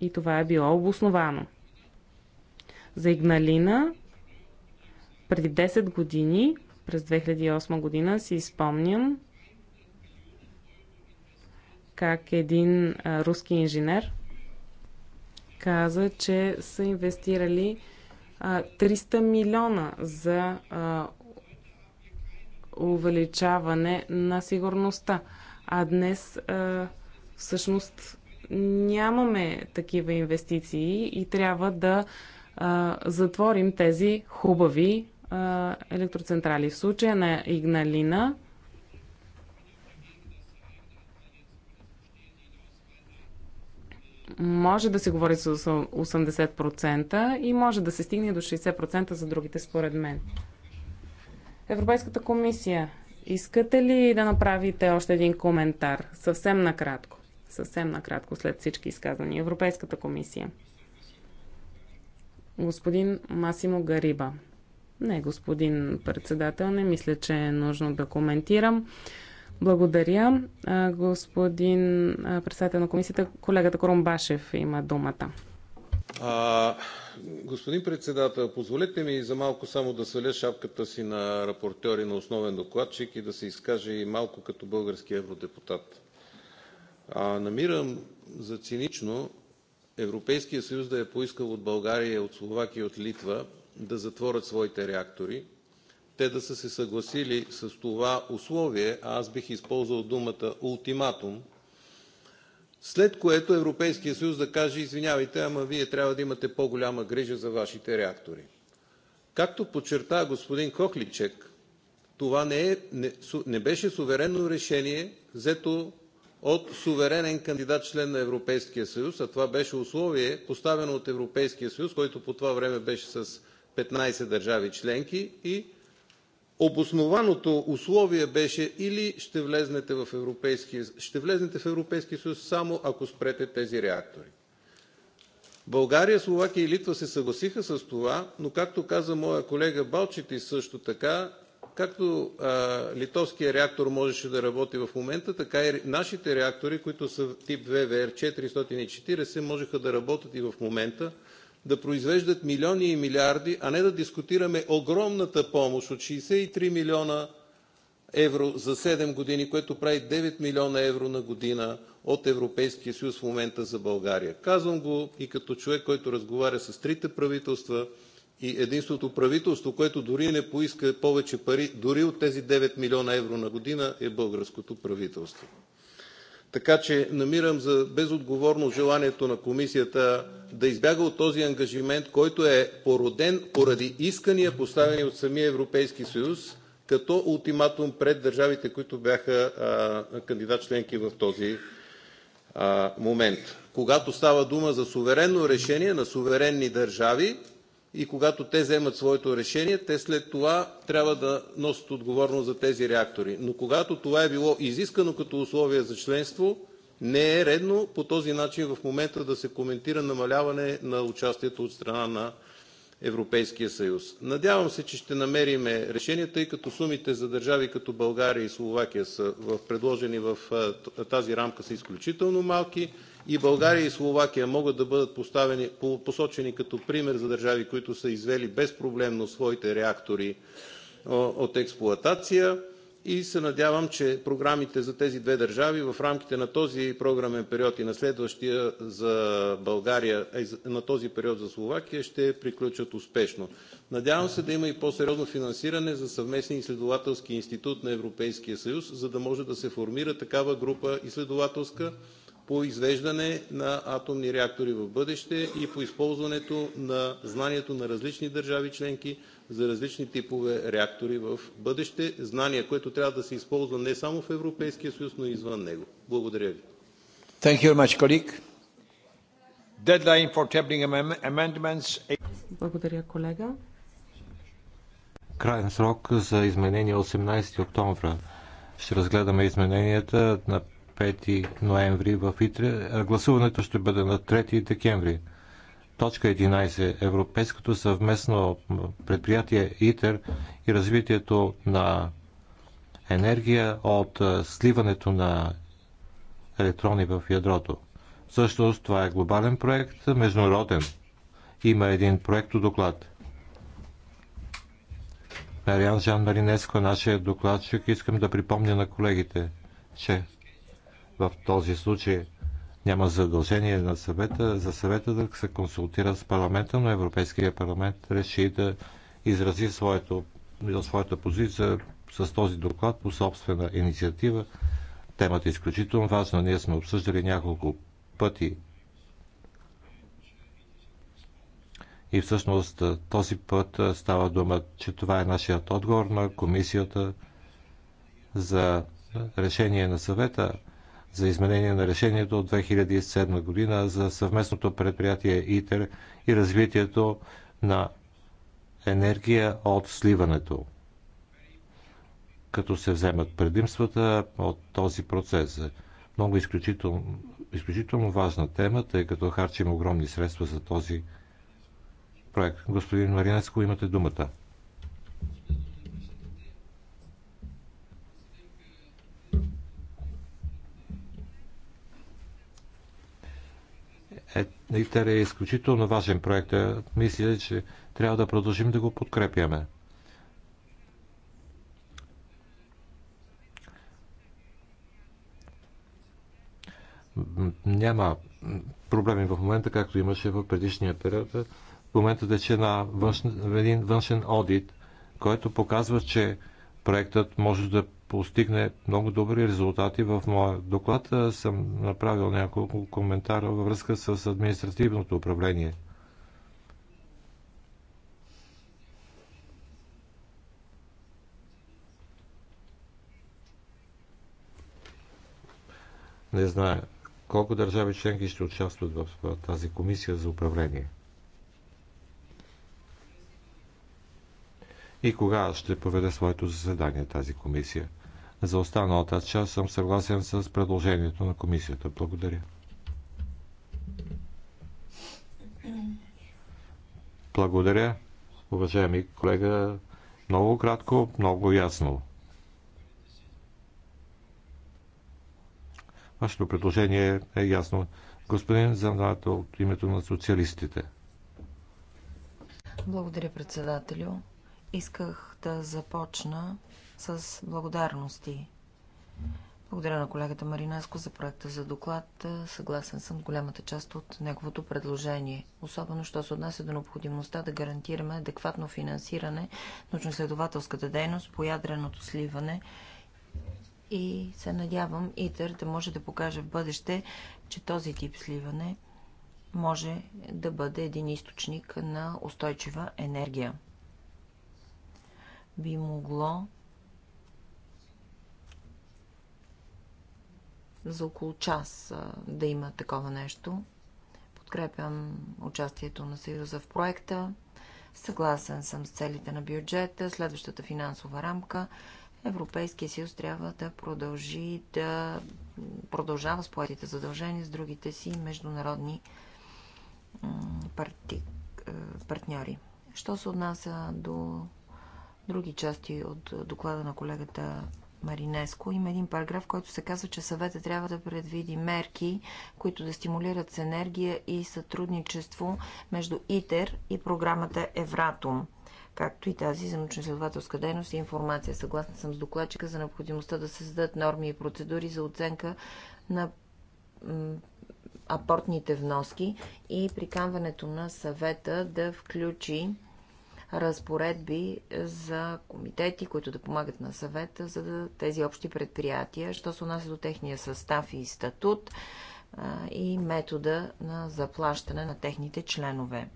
И това е било обосновано. За Игналина преди 10 години, през 2008 година, си изпомням, как един а, руски инженер каза, че са инвестирали а, 300 милиона за а, увеличаване на сигурността. А днес а, всъщност нямаме такива инвестиции и трябва да а, затворим тези хубави а, електроцентрали. В случая на Игналина може да се говори за 80% и може да се стигне до 60% за другите, според мен. Европейската комисия, искате ли да направите още един коментар? Съвсем накратко. Съвсем накратко след всички изказвания. Европейската комисия. Господин Масимо Гариба. Не, господин председател, не мисля, че е нужно да коментирам. Благодаря. Господин председател на комисията, колегата Коромбашев има думата. А, господин председател, позволете ми за малко само да сваля шапката си на рапортьор и на основен докладчик и да се изкаже и малко като български евродепутат. А, намирам за цинично Европейския съюз да е поискал от България, от Словакия и от Литва да затворят своите реактори, те да са се съгласили с това условие, а аз бих използвал думата ултиматум, след което Европейският съюз да каже извинявайте, ама вие трябва да имате по-голяма грижа за вашите реактори. Както подчерта господин Кохличек, това не, е, не, не беше суверенно решение, взето от суверенен кандидат член на Европейския съюз, а това беше условие, поставено от Европейския съюз, който по това време беше с 15 държави членки и Обоснованото условие беше или ще влезнете в Европейския, ще влезнете в Европейския съюз само ако спрете тези реактори. България, Словакия и Литва се съгласиха с това, но както каза моя колега Балчити също така, както а, литовския реактор можеше да работи в момента, така и нашите реактори, които са тип ВВР 440, можеха да работят и в момента, да произвеждат милиони и милиарди, а не да дискутираме огромната помощ от 63 милиона евро за 7 години, което прави 9 милиона евро на година от Европейския съюз в момента за България. Казвам го и като човек, който разговаря с трите правителства и единственото правителство, което дори не поиска повече пари, дори от тези 9 милиона евро на година, е българското правителство. Така че намирам за безотговорно желанието на Комисията да избяга от този ангажимент, който е породен поради искания, поставени от самия Европейски съюз като ултиматум пред държавите, които бяха кандидат-членки в този момент. Когато става дума за суверенно решение на суверенни държави, и когато те вземат своето решение, те след това трябва да носят отговорност за тези реактори. Но когато това е било изискано като условие за членство, не е редно по този начин в момента да се коментира намаляване на участието от страна на Европейския съюз. Надявам се, че ще намерим решение, тъй като сумите за държави като България и Словакия, предложени в тази рамка, са изключително малки. И България и Словакия могат да бъдат посочени като пример за държави, които са извели безпроблемно своите реактори от експлоатация. И се надявам, че програмите за тези две държави в рамките на този програмен период и на следващия за България, на този период за Словакия, ще приключат успешно. Надявам се да има и по-сериозно финансиране за съвместния изследователски институт на Европейския съюз, за да може да се формира такава изследователска по извеждане на атомни реактори в бъдеще и по използването на знанието на различни държави членки за различни типове реактори в бъдеще. Знание, което трябва да се използва не само в Европейския съюз, но и извън него. Благодаря ви. Thank you very much, colleague. Deadline for tabling amendments. Благодаря, колега. Крайен срок за изменение 18 октомври. Ще разгледаме измененията на 5 ноември в Итре. а Гласуването ще бъде на 3 декември. Точка 11. Европейското съвместно предприятие ИТЕР и развитието на енергия от сливането на електрони в ядрото. Също, това е глобален проект, международен. Има един проект доклад. Мариан Жан Маринеско, нашия докладчик, искам да припомня на колегите, че в този случай няма задължение на съвета, за съвета да се консултира с парламента, но Европейския парламент реши да изрази своето, своята позиция с този доклад по собствена инициатива. Темата е изключително важна. Ние сме обсъждали няколко пъти И всъщност този път става дума, че това е нашият отговор на комисията за решение на съвета за изменение на решението от 2007 година за съвместното предприятие ИТЕР и развитието на енергия от сливането, като се вземат предимствата от този процес. Много изключително, изключително важна тема, тъй като харчим огромни средства за този проект. Господин Маринецко, имате думата. Е, ИТЕР е изключително важен проект. Е, мисля, че трябва да продължим да го подкрепяме. Няма проблеми в момента, както имаше в предишния период. В момента тече на един външен одит, който показва, че проектът може да постигне много добри резултати. В моя доклад съм направил няколко коментара във връзка с административното управление. Не знае колко държави членки ще участват в тази комисия за управление. и кога ще поведе своето заседание тази комисия. За останалата част съм съгласен с предложението на комисията. Благодаря. Благодаря, уважаеми колега. Много кратко, много ясно. Вашето предложение е ясно. Господин Занато от името на социалистите. Благодаря, председателю. Исках да започна с благодарности. Благодаря на колегата Маринаско за проекта за доклад. Съгласен съм с голямата част от неговото предложение. Особено, що се отнася до необходимостта да гарантираме адекватно финансиране научно-следователската дейност по ядреното сливане и се надявам ИТЕР да може да покаже в бъдеще, че този тип сливане може да бъде един източник на устойчива енергия би могло за около час да има такова нещо. Подкрепям участието на Съюза в проекта. Съгласен съм с целите на бюджета. Следващата финансова рамка Европейския съюз трябва да продължи да продължава с поетите задължения с другите си международни парти... Е, партньори. Що се отнася до други части от доклада на колегата Маринеско, има един параграф, който се казва, че съвета трябва да предвиди мерки, които да стимулират с енергия и сътрудничество между ИТЕР и програмата Евратум както и тази за научно-изследователска дейност и информация. Съгласна съм с докладчика за необходимостта да се създадат норми и процедури за оценка на апортните вноски и приканването на съвета да включи разпоредби за комитети, които да помагат на съвета, за да тези общи предприятия, що се отнася до техния състав и статут а, и метода на заплащане на техните членове.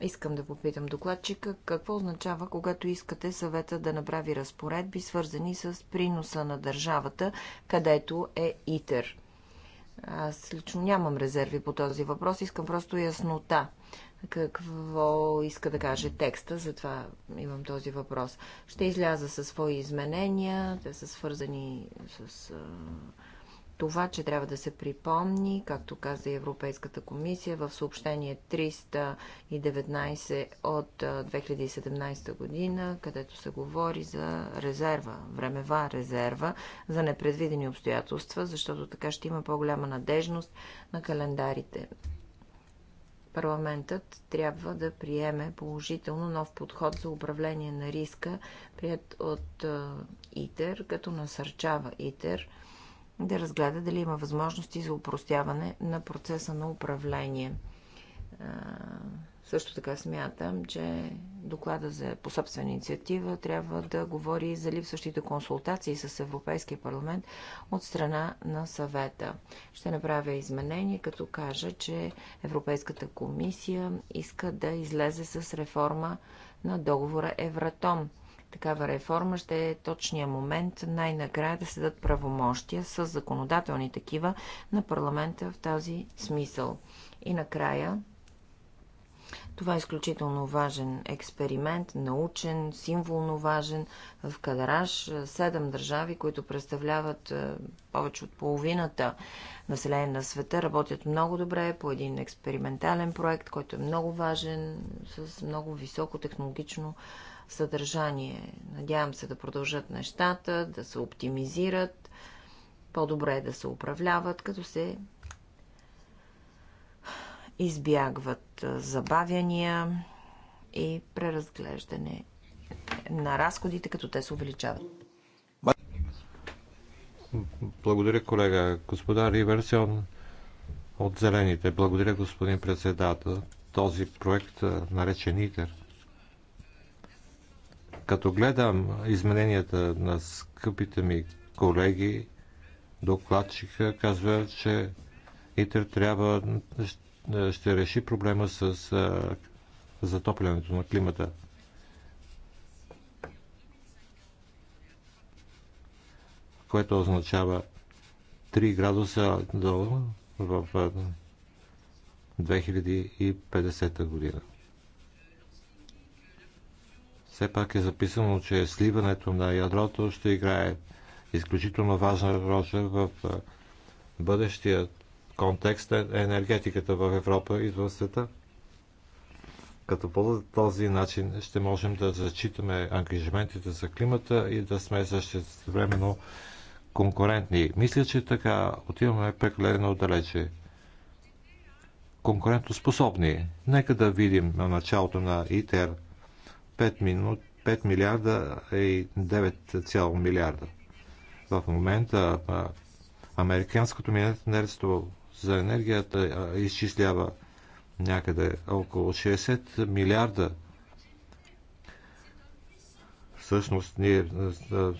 Искам да попитам докладчика, какво означава, когато искате съвета да направи разпоредби, свързани с приноса на държавата, където е ИТЕР? Аз лично нямам резерви по този въпрос. Искам просто яснота. Какво иска да каже текста, затова имам този въпрос. Ще изляза със свои изменения. Те са свързани с това, че трябва да се припомни, както каза и Европейската комисия в съобщение 319 от 2017 година, където се говори за резерва, времева резерва за непредвидени обстоятелства, защото така ще има по-голяма надежност на календарите. Парламентът трябва да приеме положително нов подход за управление на риска, прият от ИТЕР, като насърчава ИТЕР – да разгледа дали има възможности за упростяване на процеса на управление. Също така смятам, че доклада за по собствена инициатива трябва да говори за липсващите консултации с Европейския парламент от страна на съвета. Ще направя изменение, като кажа, че Европейската комисия иска да излезе с реформа на договора Евратом такава реформа ще е точния момент най-накрая да се дадат правомощия с законодателни такива на парламента в този смисъл. И накрая това е изключително важен експеримент, научен, символно важен. В Кадараш е, седем държави, които представляват е, повече от половината население на света, работят много добре по един експериментален проект, който е много важен, с много високо технологично съдържание. Надявам се да продължат нещата, да се оптимизират, по-добре да се управляват, като се избягват забавяния и преразглеждане на разходите, като те се увеличават. Благодаря, колега. Господа Риверсион от Зелените. Благодаря, господин председател. Този проект, наречен ИТЕР, като гледам измененията на скъпите ми колеги, докладчика, казва, че ИТР трябва ще реши проблема с а, затоплянето на климата. Което означава 3 градуса долу в 2050 година все пак е записано, че сливането на ядрото ще играе изключително важна роля в бъдещия контекст на енергетиката в Европа и в света. Като по този начин ще можем да зачитаме ангажиментите за климата и да сме същевременно конкурентни. Мисля, че така отиваме прекалено далече. Конкурентоспособни. Нека да видим на началото на ИТЕР – 5, мину, 5 милиарда и 9 милиарда. В момента Американското министерство за енергията изчислява някъде около 60 милиарда. Всъщност, ние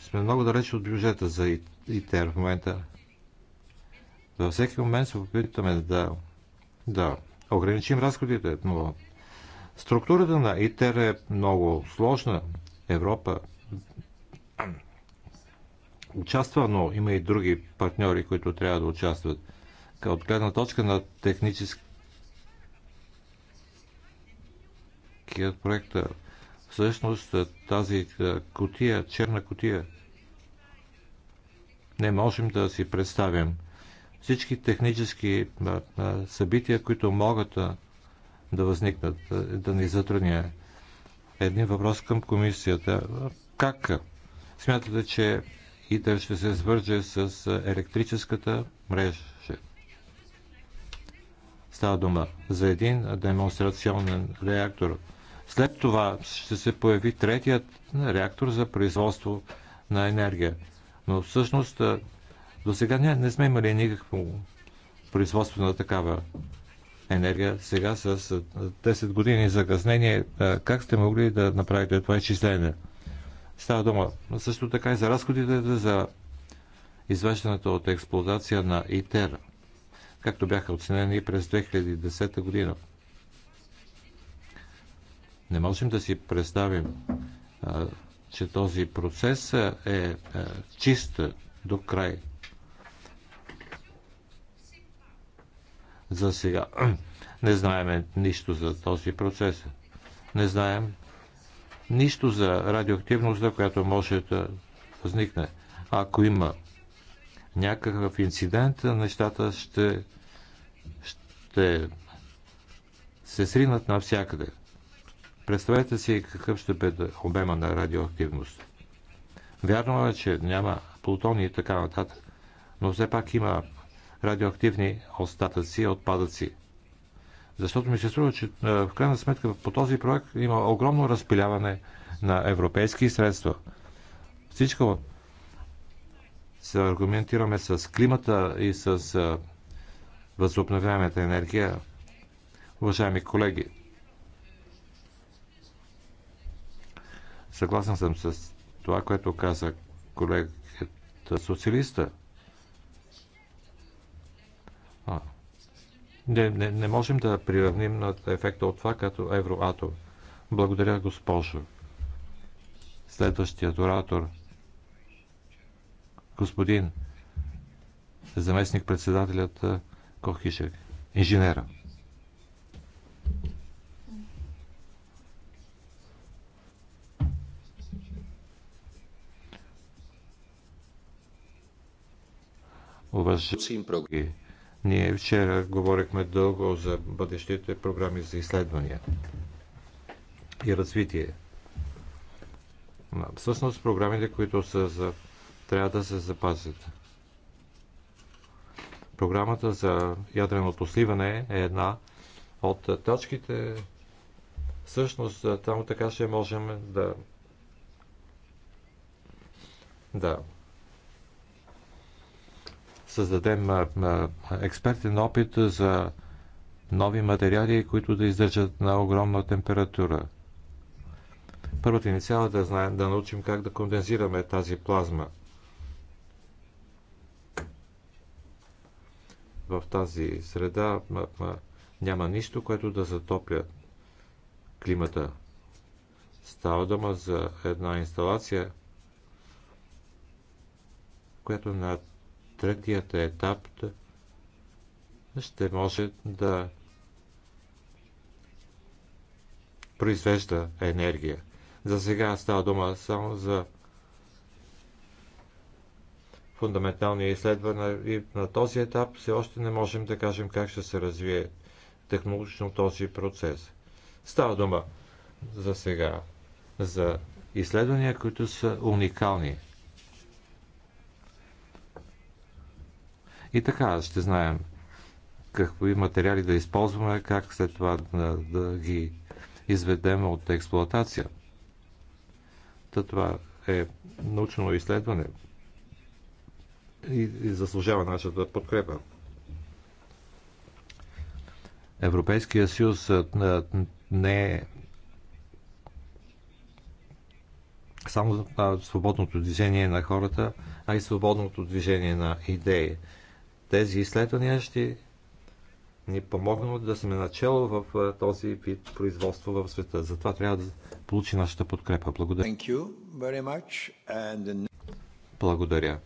сме много далеч от бюджета за ИТЕР в момента. Във всеки момент се опитаме да, да ограничим разходите, но Структурата на ИТЕР е много сложна. Европа участва, но има и други партньори, които трябва да участват. От гледна точка на техническият проект, всъщност тази котия, черна котия, не можем да си представим. Всички технически събития, които могат да възникнат, е, да ни затрудня. Един въпрос към комисията. Как смятате, че ИТЕР ще се свърже с е, електрическата мрежа? Става дума за един демонстрационен реактор. След това ще се появи третият реактор за производство на енергия. Но всъщност е, до сега не, не сме имали никакво производство на такава енергия сега с 10 години закъснение. Как сте могли да направите това изчисление? Става дума също така и за разходите за извеждането от експлуатация на ИТЕР, както бяха оценени през 2010 година. Не можем да си представим, че този процес е чист до край За сега не знаем нищо за този процес. Не знаем нищо за радиоактивността, която може да възникне. Ако има някакъв инцидент, нещата ще, ще се сринат навсякъде. Представете си какъв ще бъде обема на радиоактивност. Вярно е, че няма плутони и така нататък, но все пак има радиоактивни остатъци, отпадъци. Защото ми се струва, че е, в крайна сметка по този проект има огромно разпиляване на европейски средства. Всичко се аргументираме с климата и с е, възобновяемата енергия. Уважаеми колеги, съгласен съм с това, което каза колегата социалиста – а, не, не, не можем да приравним на ефекта от това като евроатор. Благодаря, госпожо. Следващият оратор, господин заместник председателят Кохишек, инженера. Уважаеми ние вчера говорихме дълго за бъдещите програми за изследвания и развитие. Всъщност програмите, които са за... трябва да се запазят. Програмата за ядреното сливане е една от точките. Всъщност, там така ще можем да да създадем експертен опит за нови материали, които да издържат на огромна температура. Първата инициала е да, знаем, да научим как да кондензираме тази плазма. В тази среда няма нищо, което да затопля климата. Става дума за една инсталация, която на третият етап ще може да произвежда енергия. За сега става дума само за фундаментални изследвания и на този етап все още не можем да кажем как ще се развие технологично този процес. Става дума за сега за изследвания, които са уникални И така ще знаем какви материали да използваме, как след това да, да ги изведем от експлоатация. Та това е научно изследване и, и заслужава нашата подкрепа. Европейския съюз не е само свободното движение на хората, а и свободното движение на идеи. Тези изследвания ще ни помогнат да сме начало в този вид производство в света. Затова трябва да получи нашата подкрепа. Благодаря. And... Благодаря.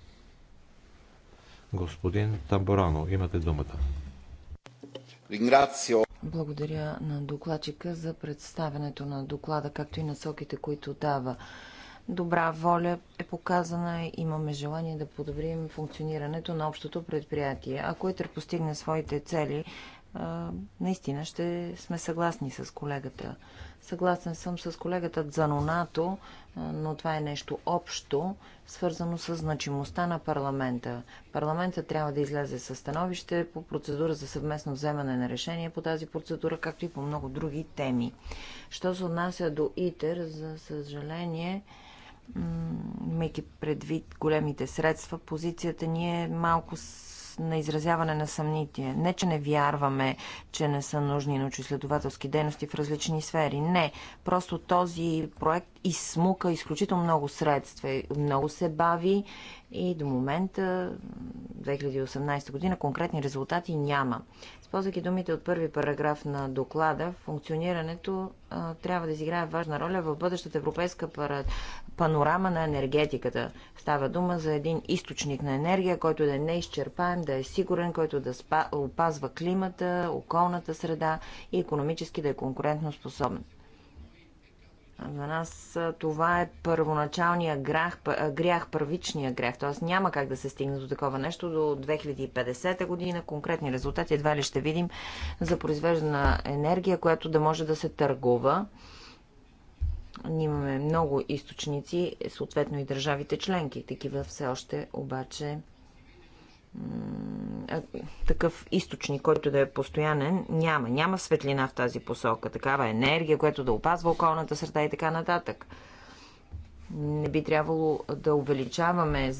Господин Тамборано, имате думата. Благодаря на докладчика за представенето на доклада, както и насоките, които дава добра воля е показана, имаме желание да подобрим функционирането на общото предприятие. Ако ИТР постигне своите цели, наистина ще сме съгласни с колегата. Съгласен съм с колегата Дзанонато, но това е нещо общо, свързано с значимостта на парламента. Парламента трябва да излезе със становище по процедура за съвместно вземане на решение по тази процедура, както и по много други теми. Що се отнася до ИТЕР, за съжаление, имайки предвид големите средства, позицията ни е малко на изразяване на съмнитие. Не, че не вярваме, че не са нужни научно-изследователски дейности в различни сфери. Не. Просто този проект изсмука изключително много средства. Много се бави и до момента, 2018 година, конкретни резултати няма. Използвайки думите от първи параграф на доклада, функционирането а, трябва да изиграе важна роля в бъдещата европейска пара... панорама на енергетиката. Става дума за един източник на енергия, който да е неизчерпаем, да е сигурен, който да спа... опазва климата, околната среда и економически да е конкурентно способен. За ами нас това е първоначалния грях, грях първичния грях. Т.е. няма как да се стигне до такова нещо до 2050 година. Конкретни резултати едва ли ще видим за произвеждана енергия, която да може да се търгува. Ние имаме много източници, съответно и държавите членки. Такива все още обаче такъв източник, който да е постоянен, няма. Няма светлина в тази посока. Такава енергия, която да опазва околната среда и така нататък. Не би трябвало да увеличаваме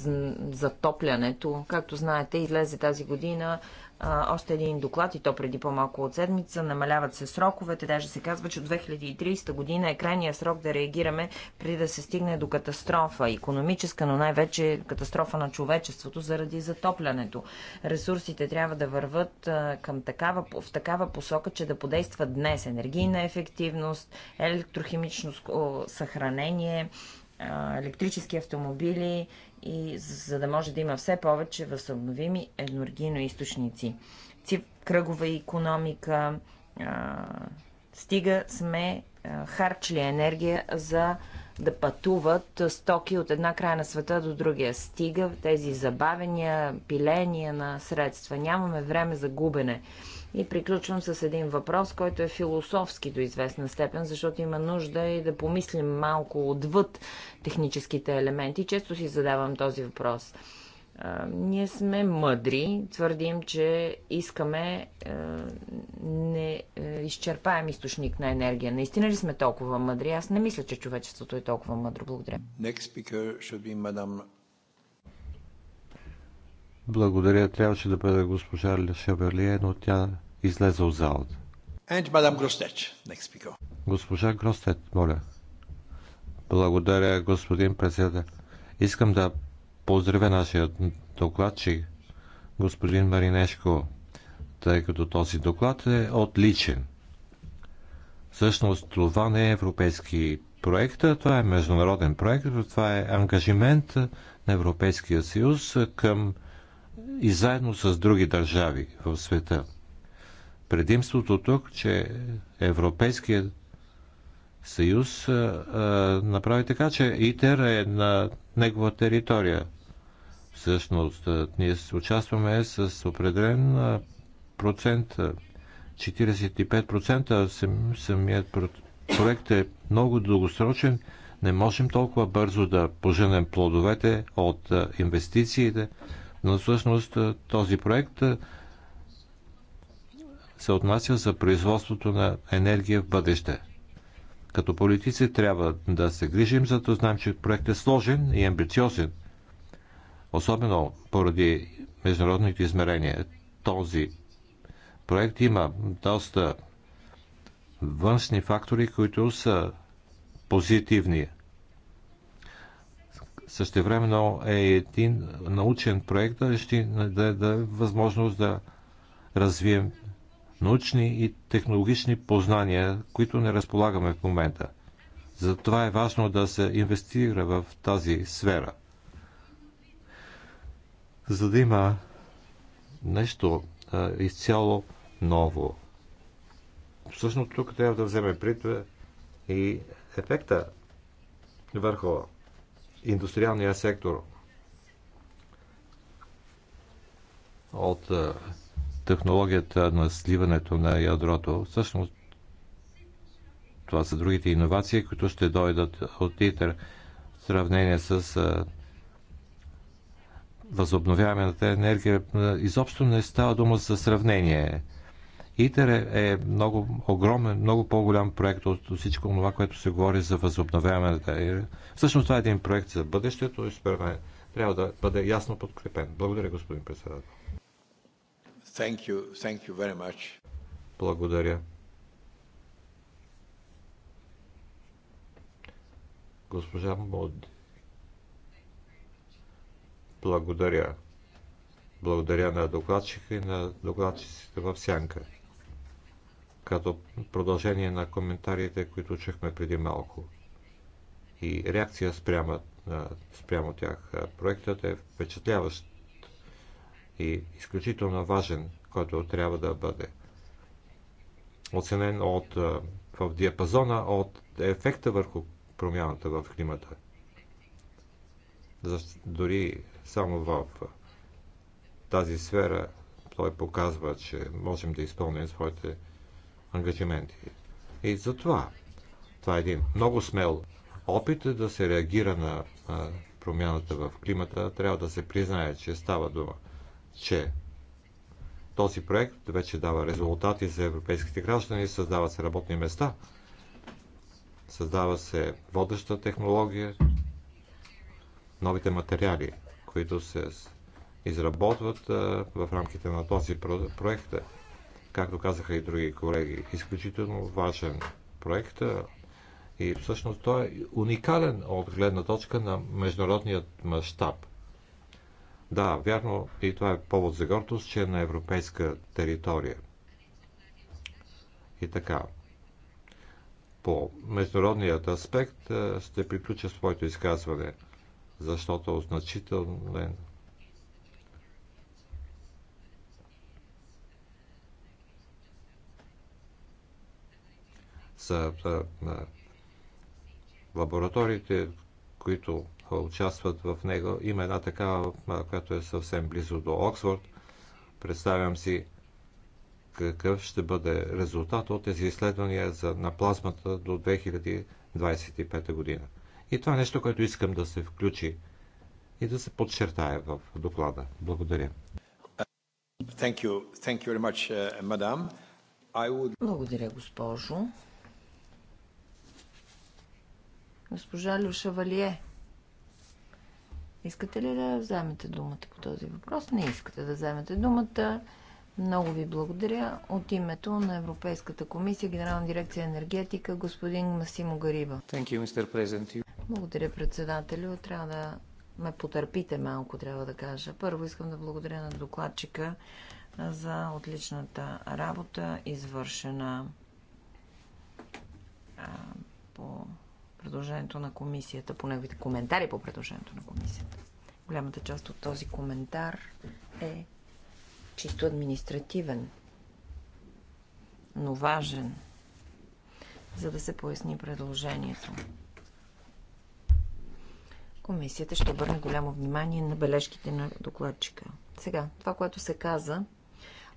затоплянето. Както знаете, излезе тази година а, още един доклад и то преди по-малко от седмица. Намаляват се сроковете, даже се казва, че от 2030 година е крайният срок да реагираме преди да се стигне до катастрофа, економическа, но най-вече катастрофа на човечеството заради затоплянето. Ресурсите трябва да върват а, към такава, в такава посока, че да подействат днес. Енергийна ефективност, електрохимично съхранение, електрически автомобили, и за да може да има все повече възобновими енергийно източници. Цип, кръгова економика, а, стига сме а, харчили енергия за да пътуват стоки от една края на света до другия. Стига тези забавения, пиления на средства. Нямаме време за губене. И приключвам с един въпрос, който е философски до известна степен, защото има нужда и да помислим малко отвъд техническите елементи. Често си задавам този въпрос. ние сме мъдри, твърдим, че искаме а, не изчерпаем източник на енергия. Наистина ли сме толкова мъдри? Аз не мисля, че човечеството е толкова мъдро. Благодаря. Next speaker should be Madame благодаря. Трябваше да бъде госпожа Шеверлие, но тя излезе от залата. And Madame Grostet, next speaker. Госпожа Гростет, моля. Благодаря, господин председател. Искам да поздравя нашия докладчик, господин Маринешко, тъй като този доклад е отличен. Всъщност това не е европейски проект, това е международен проект, това е ангажимент на Европейския съюз към и заедно с други държави в света. Предимството тук, че Европейският съюз а, а, направи така, че ИТЕР е на негова територия. Всъщност, а, ние участваме с определен а, процент, 45%, сам, самият проект е много дългосрочен. Не можем толкова бързо да поженем плодовете от а, инвестициите. Но всъщност този проект се отнася за производството на енергия в бъдеще. Като политици трябва да се грижим, за да знаем, че проект е сложен и амбициозен, особено поради международните измерения. Този проект има доста външни фактори, които са позитивни. Същевременно е един научен проект, да ще да е възможност да развием научни и технологични познания, които не разполагаме в момента. Затова е важно да се инвестира в тази сфера. За да има нещо а, изцяло ново. Всъщност тук трябва да вземе притва и ефекта върху индустриалния сектор от е, технологията на сливането на ядрото. Всъщност това са другите иновации, които ще дойдат от ИТЕР в сравнение с е, възобновяемата енергия. Е, изобщо не става дума за сравнение. ИТЕР е, е много огромен, много по-голям проект от всичко това, което се говори за възобновяване. Всъщност това е един проект за бъдещето и според мен трябва да бъде ясно подкрепен. Благодаря, господин председател. Thank you. Thank you very much. Благодаря. Госпожа Мод. Благодаря. Благодаря на докладчика и на докладчиците в Сянка като продължение на коментарите, които чухме преди малко и реакция спрямо, спрямо тях. Проектът е впечатляващ и изключително важен, който трябва да бъде оценен от, в диапазона от ефекта върху промяната в климата. Защо, дори само в тази сфера той показва, че можем да изпълним своите ангажименти. И затова това е един много смел опит е да се реагира на промяната в климата. Трябва да се признае, че става дума, че този проект вече дава резултати за европейските граждани, създават се работни места, създава се водеща технология, новите материали, които се изработват в рамките на този проект, както казаха и други колеги, изключително важен проект и всъщност той е уникален от гледна точка на международният мащаб. Да, вярно, и това е повод за гордост, че е на европейска територия. И така, по международният аспект ще приключа своето изказване, защото значителен а, лабораториите, които участват в него. Има една такава, която е съвсем близо до Оксфорд. Представям си какъв ще бъде резултат от тези изследвания за, на плазмата до 2025 година. И това е нещо, което искам да се включи и да се подчертая в доклада. Благодаря. Thank you. Thank you much, uh, Благодаря, госпожо. Госпожа Люша Валие, Искате ли да вземете думата по този въпрос? Не искате да вземете думата. Много ви благодаря. От името на Европейската комисия, Генерална дирекция енергетика, господин Масимо Гариба. You, благодаря, председателю. Трябва да ме потърпите малко, трябва да кажа. Първо искам да благодаря на докладчика за отличната работа, извършена по предложението на комисията, по неговите коментари по предложението на комисията. Голямата част от този коментар е чисто административен, но важен, за да се поясни предложението. Комисията ще обърне голямо внимание на бележките на докладчика. Сега, това, което се каза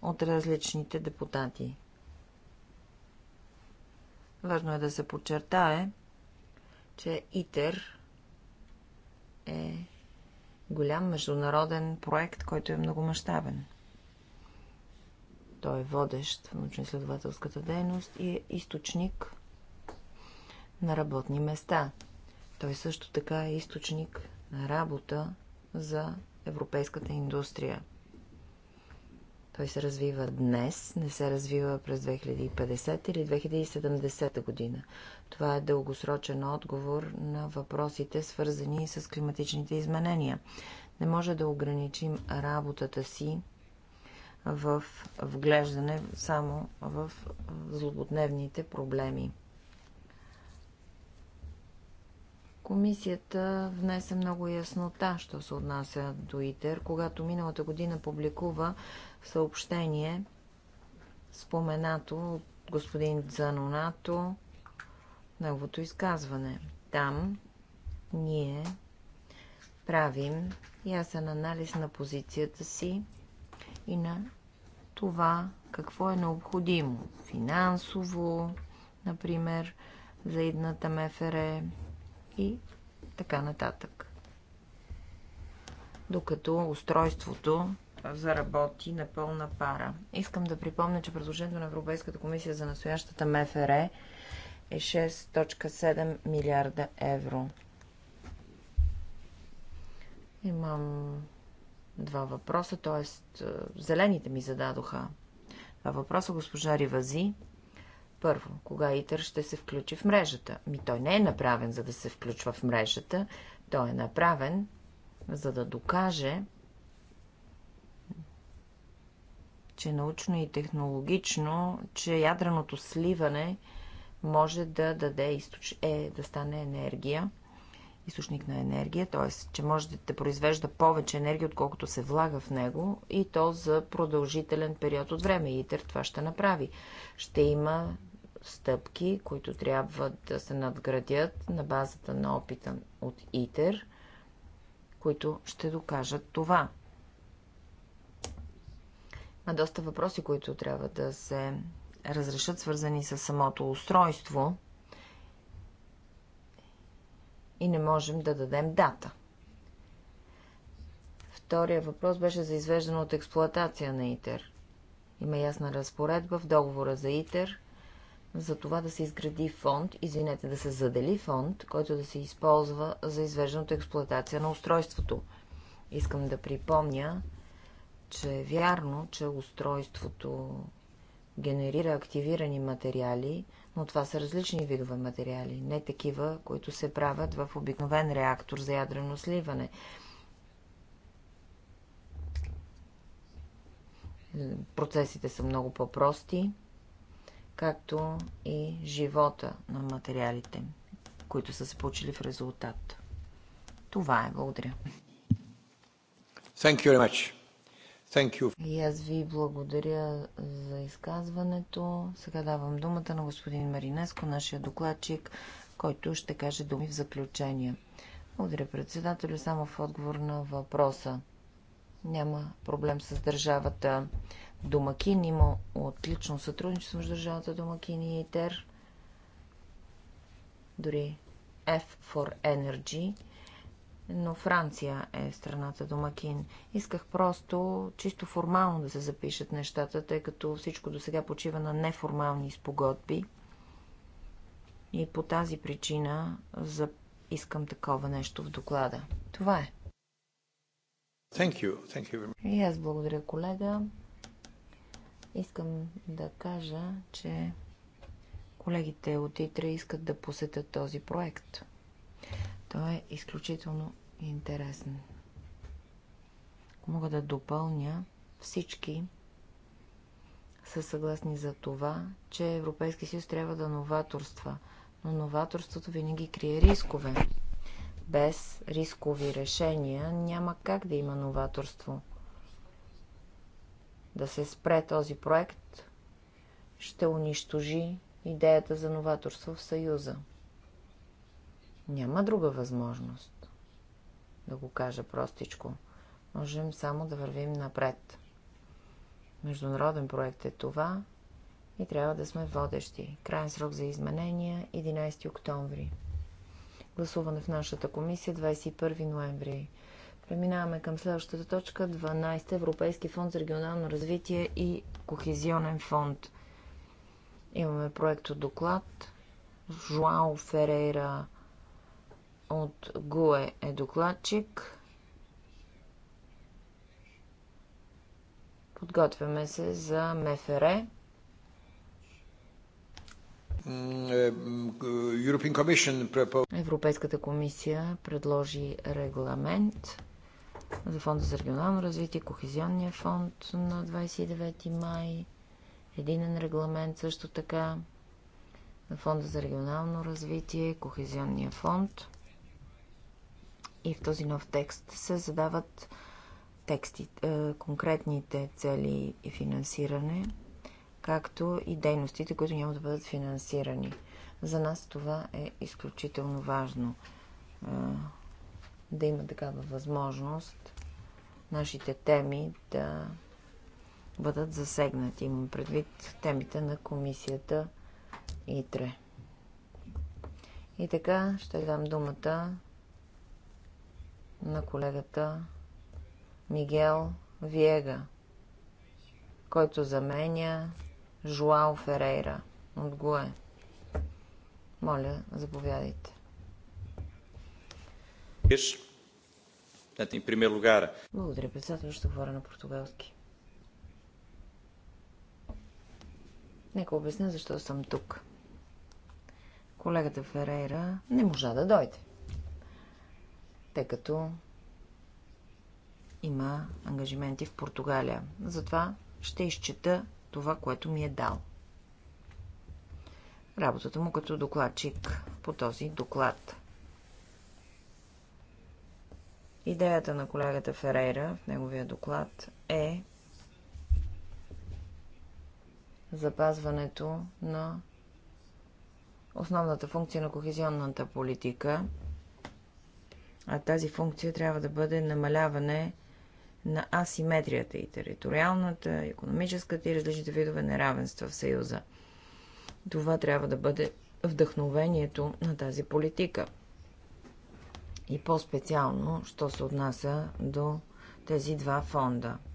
от различните депутати. Важно е да се подчертае, че ИТЕР е голям международен проект, който е много мащабен. Той е водещ в научно-изследователската дейност и е източник на работни места. Той също така е източник на работа за европейската индустрия. Той се развива днес, не се развива през 2050 или 2070 година. Това е дългосрочен отговор на въпросите, свързани с климатичните изменения. Не може да ограничим работата си в вглеждане само в злободневните проблеми. Комисията внесе много яснота, що се отнася до ИТЕР, когато миналата година публикува съобщение, споменато от господин Дзанонато, неговото изказване. Там ние правим ясен анализ на позицията си и на това какво е необходимо. Финансово, например, за едната МФР и така нататък. Докато устройството заработи на пълна пара. Искам да припомня, че предложението на Европейската комисия за настоящата МФР е 6.7 милиарда евро. Имам два въпроса, т.е. Е, зелените ми зададоха два въпроса госпожа Ривази. Първо, кога ИТР ще се включи в мрежата? Ми той не е направен, за да се включва в мрежата. Той е направен, за да докаже, че научно и технологично, че ядреното сливане може да даде източ... е, да стане енергия, източник на енергия, т.е. че може да произвежда повече енергия, отколкото се влага в него и то за продължителен период от време. ИТЕР това ще направи. Ще има стъпки, които трябва да се надградят на базата на опита от ИТЕР, които ще докажат това. Има доста въпроси, които трябва да се разрешат, свързани с самото устройство. И не можем да дадем дата. Втория въпрос беше за извеждане от експлоатация на ИТЕР. Има ясна разпоредба в договора за ИТЕР за това да се изгради фонд, извинете, да се задели фонд, който да се използва за извеждане от експлоатация на устройството. Искам да припомня, че е вярно, че устройството генерира активирани материали, но това са различни видове материали, не такива, които се правят в обикновен реактор за ядрено сливане. Процесите са много по-прости, както и живота на материалите, които са се получили в резултат. Това е. Благодаря. Thank you very much. Thank you. И аз ви благодаря за изказването. Сега давам думата на господин Маринеско, нашия докладчик, който ще каже думи в заключение. Благодаря, председателю, само в отговор на въпроса. Няма проблем с държавата Домакин. Има отлично сътрудничество между държавата Домакин и ИТЕР. Дори F for Energy – но Франция е страната домакин. Исках просто чисто формално да се запишат нещата, тъй като всичко до сега почива на неформални спогодби. И по тази причина за... искам такова нещо в доклада. Това е. Thank you. Thank you. И аз благодаря, колега. Искам да кажа, че колегите от ИТРА искат да посетят този проект. Той е изключително интересен. Ако мога да допълня, всички са съгласни за това, че Европейски съюз трябва да новаторства, но новаторството винаги крие рискове. Без рискови решения няма как да има новаторство. Да се спре този проект ще унищожи идеята за новаторство в Съюза. Няма друга възможност. Да го кажа простичко. Можем само да вървим напред. Международен проект е това и трябва да сме водещи. Крайен срок за изменения 11 октомври. Гласуване в нашата комисия 21 ноември. Преминаваме към следващата точка 12 Европейски фонд за регионално развитие и Кохезионен фонд. Имаме проект от доклад. Жуао Ферейра от ГУЕ е докладчик. Подготвяме се за МФР. Европейската комисия предложи регламент за Фонда за регионално развитие, Кохезионния фонд на 29 май, единен регламент също така на Фонда за регионално развитие, Кохезионния фонд. И в този нов текст се задават тексти, е, конкретните цели и финансиране, както и дейностите, които няма да бъдат финансирани. За нас това е изключително важно. Е, да има такава възможност нашите теми да бъдат засегнати. Имам предвид темите на комисията ИТРЕ. И така ще дам думата на колегата Мигел Виега, който заменя Жуал Ферейра от ГУЕ. Моля, заповядайте. Благодаря, председател. Ще говоря на португалски. Нека обясня защо съм тук. Колегата Ферейра не можа да дойде тъй като има ангажименти в Португалия. Затова ще изчета това, което ми е дал. Работата му като докладчик по този доклад. Идеята на колегата Ферейра в неговия доклад е запазването на основната функция на кохезионната политика – а тази функция трябва да бъде намаляване на асиметрията и териториалната, и економическата и различните видове неравенства в Съюза. Това трябва да бъде вдъхновението на тази политика. И по-специално, що се отнася до тези два фонда –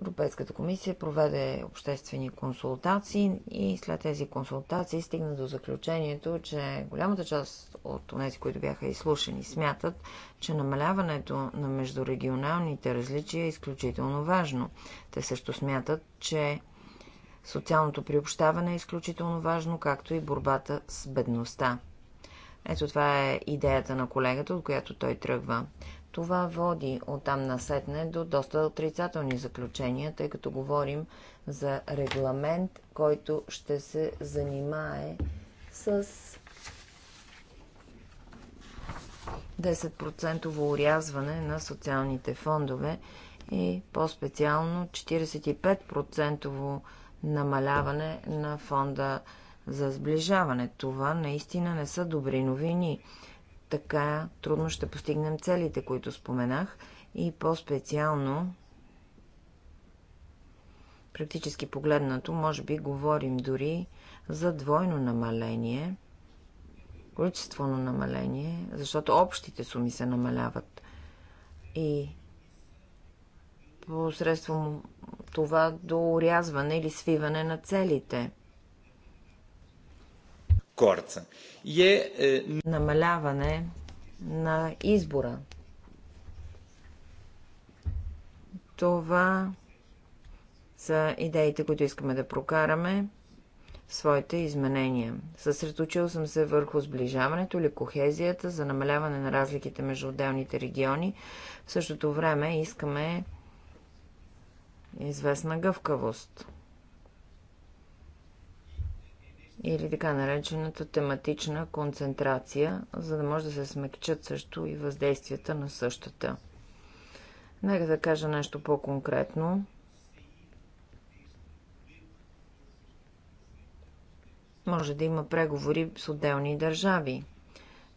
Европейската комисия проведе обществени консултации и след тези консултации стигна до заключението, че голямата част от тези, които бяха изслушани, смятат, че намаляването на междурегионалните различия е изключително важно. Те също смятат, че социалното приобщаване е изключително важно, както и борбата с бедността. Ето това е идеята на колегата, от която той тръгва. Това води оттам насетне до доста отрицателни заключения, тъй като говорим за регламент, който ще се занимае с 10% урязване на социалните фондове и по-специално 45% намаляване на фонда за сближаване. Това наистина не са добри новини така трудно ще постигнем целите, които споменах и по-специално практически погледнато, може би говорим дори за двойно намаление, количествено намаление, защото общите суми се намаляват. И посредством това до урязване или свиване на целите – корца. И е, е... Намаляване на избора. Това са идеите, които искаме да прокараме в своите изменения. Съсредоточил съм се върху сближаването или кохезията за намаляване на разликите между отделните региони. В същото време искаме известна гъвкавост – или така наречената тематична концентрация, за да може да се смекчат също и въздействията на същата. Нека да кажа нещо по-конкретно. Може да има преговори с отделни държави.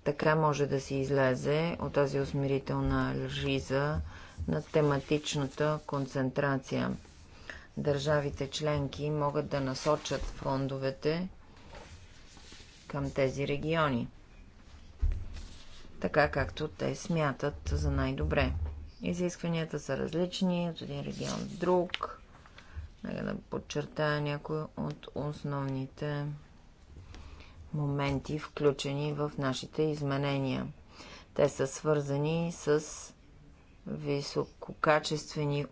Така може да се излезе от тази усмирителна лжиза на тематичната концентрация. Държавите членки могат да насочат фондовете към тези региони, така както те смятат за най-добре. Изискванията са различни от един регион в друг. Нека да подчертая някои от основните моменти, включени в нашите изменения. Те са свързани с висококачествени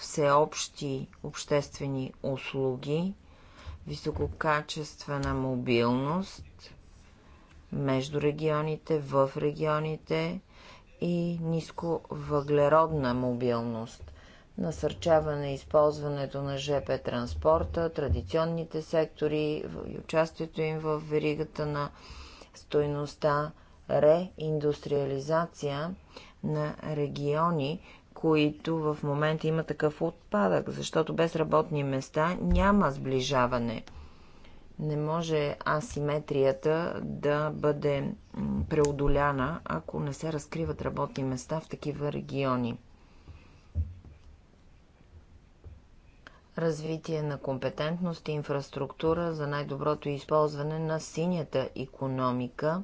всеобщи обществени услуги висококачествена мобилност между регионите, в регионите и нисковъглеродна мобилност, насърчаване използването на ЖП транспорта, традиционните сектори и участието им в веригата на стойността, реиндустриализация на региони, които в момента има такъв отпадък, защото без работни места няма сближаване. Не може асиметрията да бъде преодоляна, ако не се разкриват работни места в такива региони. развитие на компетентност и инфраструктура за най-доброто използване на синята економика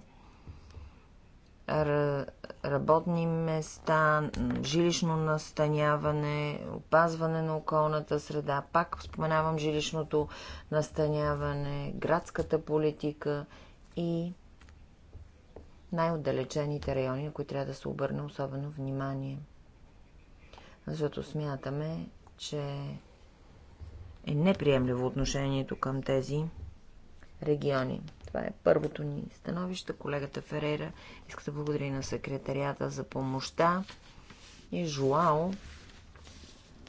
работни места, жилищно настаняване, опазване на околната среда. Пак споменавам жилищното настаняване, градската политика и най-отдалечените райони, на които трябва да се обърне особено внимание. Защото смятаме, че е неприемливо отношението към тези региони. Това е първото ни становище. Колегата Ферейра иска да благодари на секретарията за помощта и Жуао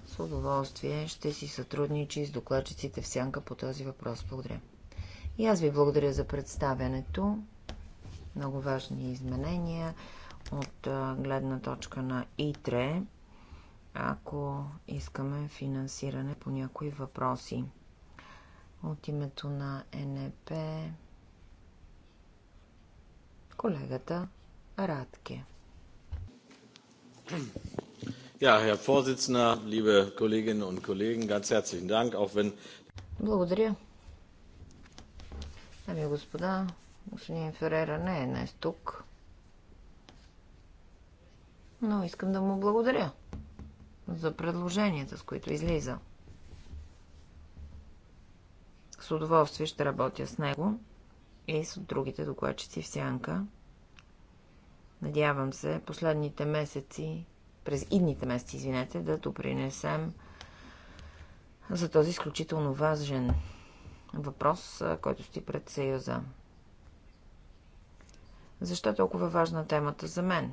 с удоволствие ще си сътрудничи с докладчиците в сянка по този въпрос. Благодаря. И аз ви благодаря за представянето. Много важни изменения от гледна точка на ИТРЕ, ако искаме финансиране по някои въпроси. От името на НП колегата Радке. Ja, Herr Vorsitzender, liebe Kolleginnen und Kollegen, ganz herzlichen Dank, auch wenn... Благодаря. Ами господа, господин Ферера не е днес тук, но искам да му благодаря за предложенията, с които излиза. С удоволствие ще работя с него и с другите докладчици в сянка. Надявам се последните месеци, през идните месеци, извинете, да допринесем за този изключително важен въпрос, който стои пред Съюза. Защо е толкова важна темата за мен?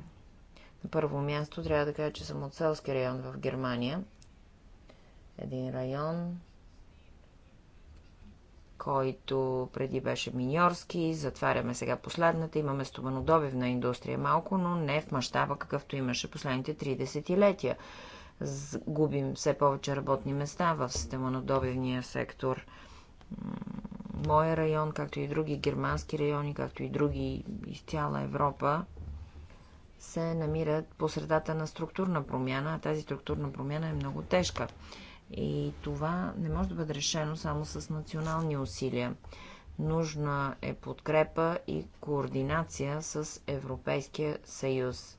На първо място трябва да кажа, че съм от селски район в Германия. Един район, който преди беше миньорски, затваряме сега последната, имаме стоманодобивна индустрия малко, но не в мащаба, какъвто имаше последните три десетилетия. Губим все повече работни места в стоманодобивния сектор. Моя район, както и други германски райони, както и други из цяла Европа, се намират по средата на структурна промяна, а тази структурна промяна е много тежка. И това не може да бъде решено само с национални усилия. Нужна е подкрепа и координация с Европейския съюз.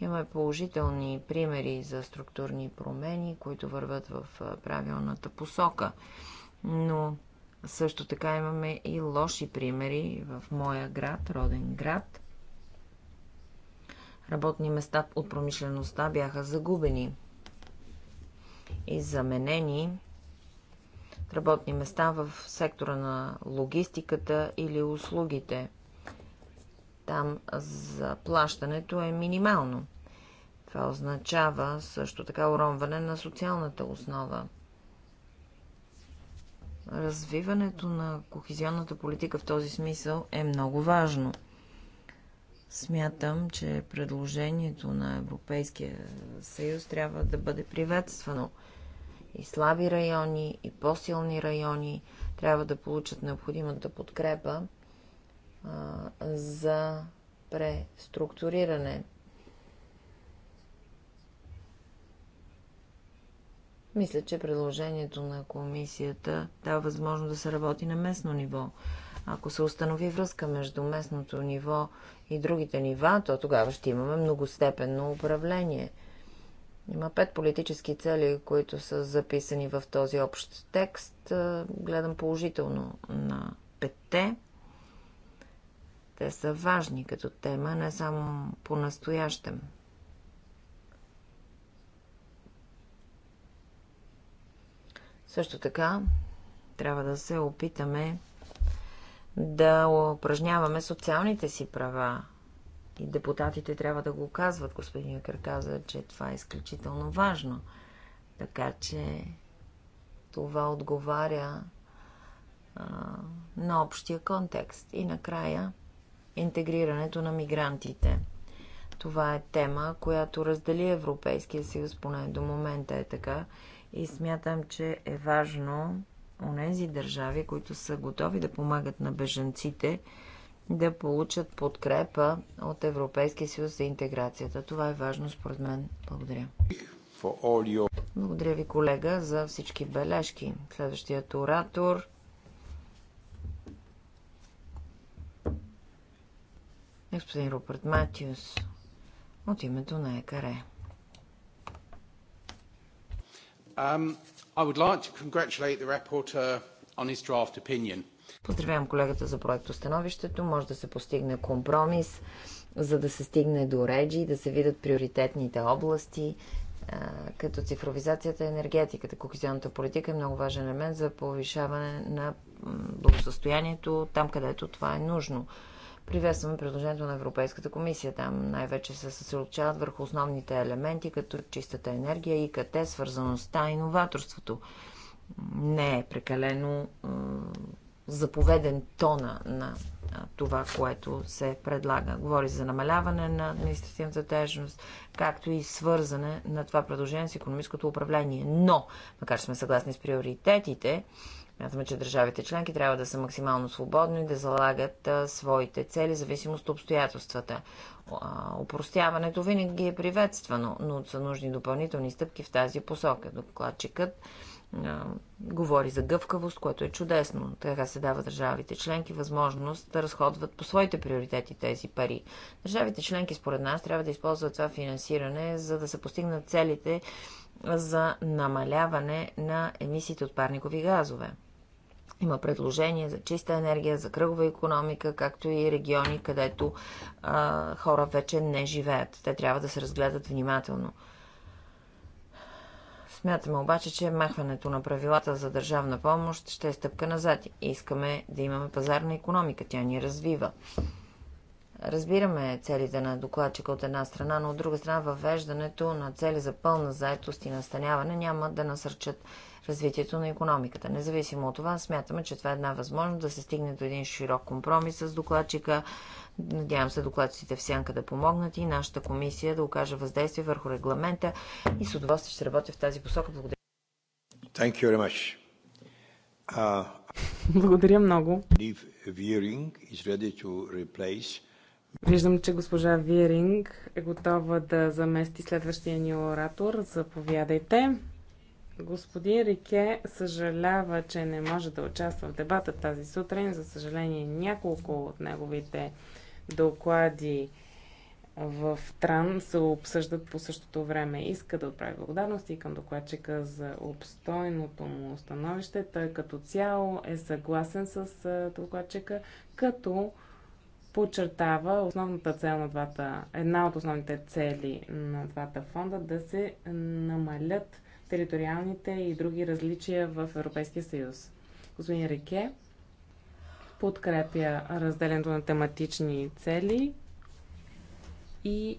Имаме положителни примери за структурни промени, които върват в правилната посока. Но също така имаме и лоши примери в моя град, роден град. Работни места от промишлеността бяха загубени – и заменени работни места в сектора на логистиката или услугите. Там заплащането е минимално. Това означава също така уронване на социалната основа. Развиването на кохезионната политика в този смисъл е много важно. Смятам, че предложението на Европейския съюз трябва да бъде приветствано и слаби райони, и по-силни райони трябва да получат необходимата подкрепа а, за преструктуриране. Мисля, че предложението на комисията дава възможност да се работи на местно ниво. Ако се установи връзка между местното ниво и другите нива, то тогава ще имаме многостепенно управление. Има пет политически цели, които са записани в този общ текст. Е, гледам положително на петте. Те са важни като тема, не само по-настоящем. Също така, трябва да се опитаме да упражняваме социалните си права и депутатите трябва да го казват. Господин Юкър каза, че това е изключително важно. Така че това отговаря а, на общия контекст. И накрая интегрирането на мигрантите. Това е тема, която раздели Европейския съюз, поне до момента е така. И смятам, че е важно у нези държави, които са готови да помагат на бежанците, да получат подкрепа от Европейския съюз за интеграцията. Това е важно според мен. Благодаря. Благодаря ви, колега, за всички бележки. Следващият оратор. Господин Руперт Матиус от името на ЕКАРЕ. Um, I would like to congratulate the rapporteur on his draft opinion. Поздравявам колегата за проектостановището. Може да се постигне компромис, за да се стигне до реджи, да се видят приоритетните области, като цифровизацията и енергетиката. Кохезионната политика е много важен елемент за повишаване на благосостоянието там, където това е нужно. Приветстваме предложението на Европейската комисия. Там най-вече се съсредоточават върху основните елементи, като чистата енергия, и къде свързаността и новаторството. Не е прекалено заповеден тона на това, което се предлага. Говори за намаляване на административната тежност, както и свързане на това предложение с економическото управление. Но, макар че сме съгласни с приоритетите, Мятаме, че държавите членки трябва да са максимално свободни и да залагат а, своите цели, зависимост от обстоятелствата. А, упростяването винаги е приветствано, но са нужни допълнителни стъпки в тази посока. Докладчикът говори за гъвкавост, което е чудесно. Така се дава държавите членки възможност да разходват по своите приоритети тези пари. Държавите членки, според нас, трябва да използват това финансиране, за да се постигнат целите за намаляване на емисиите от парникови газове. Има предложение за чиста енергия, за кръгова економика, както и региони, където а, хора вече не живеят. Те трябва да се разгледат внимателно. Смятаме обаче, че махването на правилата за държавна помощ ще е стъпка назад. Искаме да имаме пазарна економика, тя ни развива. Разбираме целите на докладчика от една страна, но от друга страна въвеждането на цели за пълна заетост и настаняване няма да насърчат развитието на економиката. Независимо от това, смятаме, че това е една възможност да се стигне до един широк компромис с докладчика, Надявам се докладците в сянка да помогнат и нашата комисия да окаже въздействие върху регламента и с удоволствие ще работя в тази посока. Благодаря. Thank you very much. Благодаря много. Виждам, че госпожа Виринг е готова да замести следващия ни оратор. Заповядайте. Господин Рике съжалява, че не може да участва в дебата тази сутрин. За съжаление, няколко от неговите доклади в Тран се обсъждат по същото време. Иска да отправи благодарности към докладчика за обстойното му становище. Той като цяло е съгласен с докладчика, като подчертава основната цел на двата, една от основните цели на двата фонда да се намалят териториалните и други различия в Европейския съюз. Господин Реке, подкрепя разделянето на тематични цели и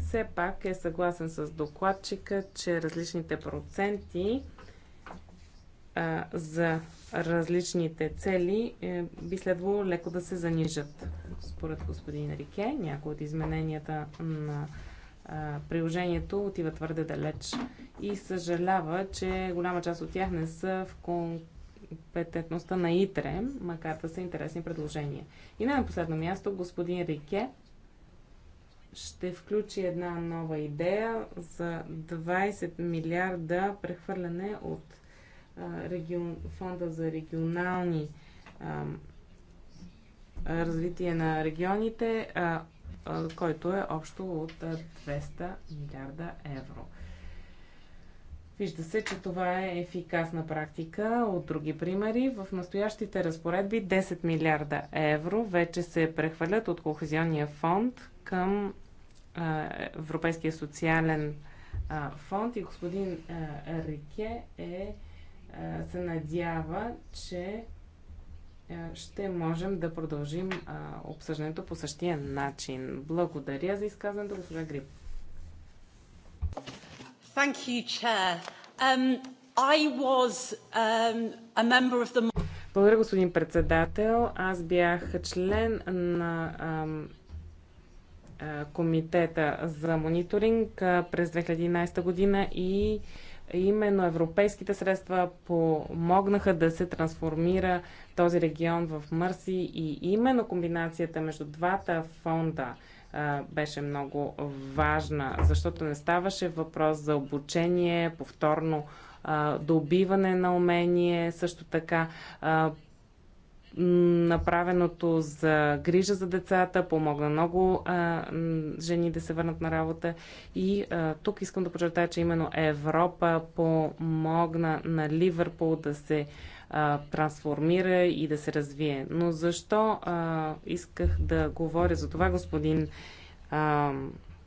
все пак е съгласен с докладчика, че различните проценти а, за различните цели е, би следвало леко да се занижат. Според господин Рике, някои от измененията на а, приложението отива твърде далеч и съжалява, че голяма част от тях не са в конкурс компетентността на ИТРЕ, макар да са интересни предложения. И на последно място, господин Рике ще включи една нова идея за 20 милиарда прехвърляне от а, регион, фонда за регионални а, развитие на регионите, а, който е общо от 200 милиарда евро. Вижда се, че това е ефикасна практика. От други примери, в настоящите разпоредби 10 милиарда евро вече се прехвърлят от Кохезионния фонд към Европейския социален фонд и господин Рике е, се надява, че ще можем да продължим обсъждането по същия начин. Благодаря за изказването, госпожа Гриб. Thank you, Chair. Um, I was um, a member of the... Благодаря, господин председател. Аз бях член на ам, а, комитета за мониторинг а, през 2011 година и именно европейските средства помогнаха да се трансформира този регион в Мърси и именно комбинацията между двата фонда беше много важна, защото не ставаше въпрос за обучение, повторно добиване на умение, също така направеното за грижа за децата, помогна много а, жени да се върнат на работа. И а, тук искам да подчертая, че именно Европа помогна на Ливърпул да се а, трансформира и да се развие. Но защо а, исках да говоря за това, господин а,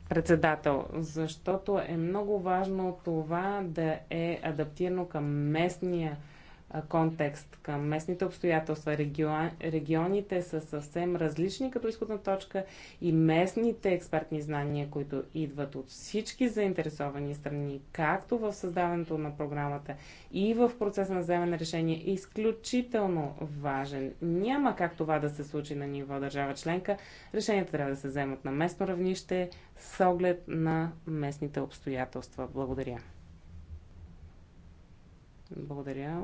председател? Защото е много важно това да е адаптирано към местния контекст към местните обстоятелства. Регионите са съвсем различни като изходна точка и местните експертни знания, които идват от всички заинтересовани страни, както в създаването на програмата и в процеса на вземане на решение, е изключително важен. Няма как това да се случи на ниво държава членка. Решенията трябва да се вземат на местно равнище с оглед на местните обстоятелства. Благодаря. Благодаря.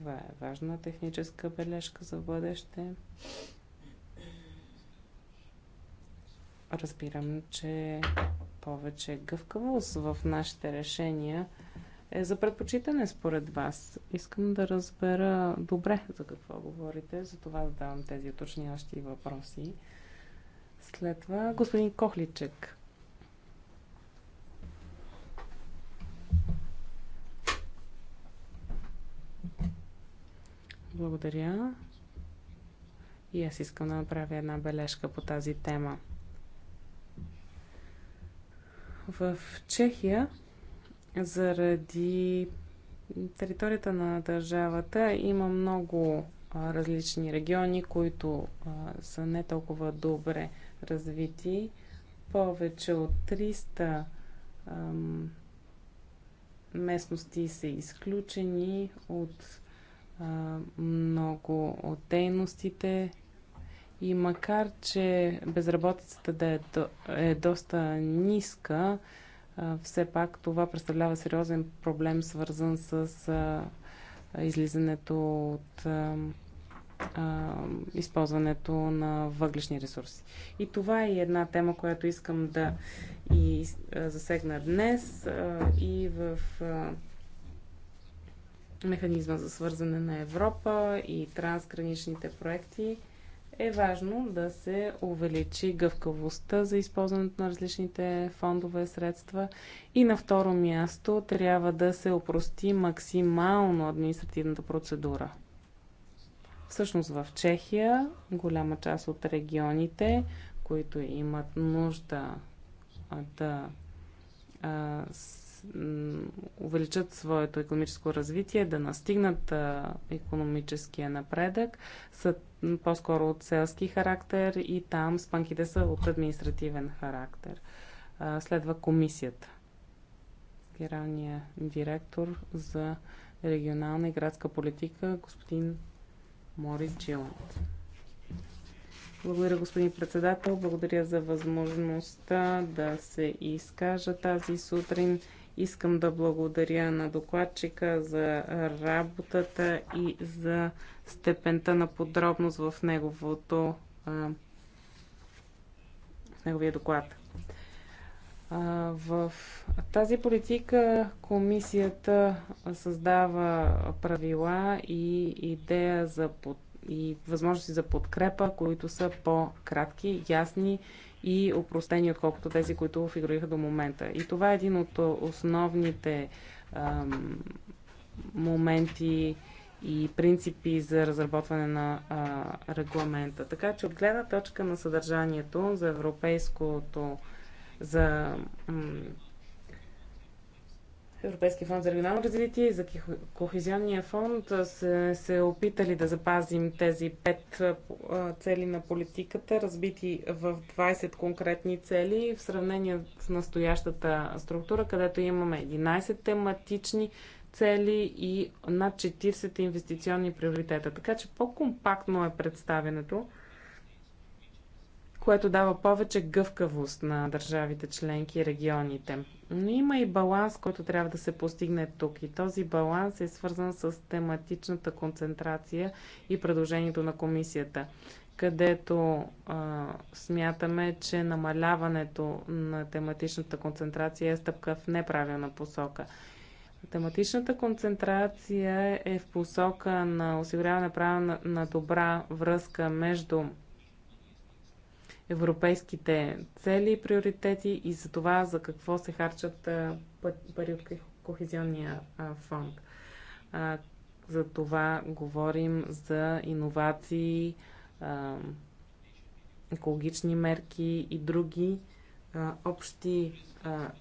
Това е важна техническа бележка за бъдеще. Разбирам, че повече гъвкавост в нашите решения е за предпочитане според вас. Искам да разбера добре за какво говорите, за това задавам тези уточняващи въпроси. След това господин Кохличек. Благодаря. И аз искам да направя една бележка по тази тема. В Чехия, заради територията на държавата, има много различни региони, които а, са не толкова добре развити. Повече от 300 местности са изключени от много от дейностите. И макар, че безработицата да е, до, е доста ниска, все пак това представлява сериозен проблем, свързан с излизането от използването на въглешни ресурси. И това е една тема, която искам да и засегна днес и в механизма за свързане на Европа и трансграничните проекти, е важно да се увеличи гъвкавостта за използването на различните фондове средства. И на второ място трябва да се опрости максимално административната процедура. Всъщност в Чехия голяма част от регионите, които имат нужда да увеличат своето економическо развитие, да настигнат економическия напредък, са по-скоро от селски характер и там спанките са от административен характер. Следва комисията. Генералният директор за регионална и градска политика, господин Морис Джиланд. Благодаря, господин председател. Благодаря за възможността да се изкажа тази сутрин Искам да благодаря на докладчика за работата и за степента на подробност в неговото в неговия доклад. В тази политика комисията създава правила и идея за под... и възможности за подкрепа, които са по-кратки, ясни и опростени, отколкото тези, които фигурираха до момента. И това е един от основните ам, моменти и принципи за разработване на а, регламента. Така че от гледна точка на съдържанието за европейското, за Европейския фонд за регионално развитие и за Кохезионния фонд се, се опитали да запазим тези пет цели на политиката, разбити в 20 конкретни цели в сравнение с настоящата структура, където имаме 11 тематични цели и над 40 инвестиционни приоритета. Така че по-компактно е представенето което дава повече гъвкавост на държавите членки и регионите. Но има и баланс, който трябва да се постигне тук. И този баланс е свързан с тематичната концентрация и предложението на комисията, където а, смятаме, че намаляването на тематичната концентрация е стъпка в неправилна посока. Тематичната концентрация е в посока на осигуряване право на, на добра връзка между европейските цели и приоритети и за това за какво се харчат пари от Кохезионния фонд. За това говорим за иновации, екологични мерки и други общи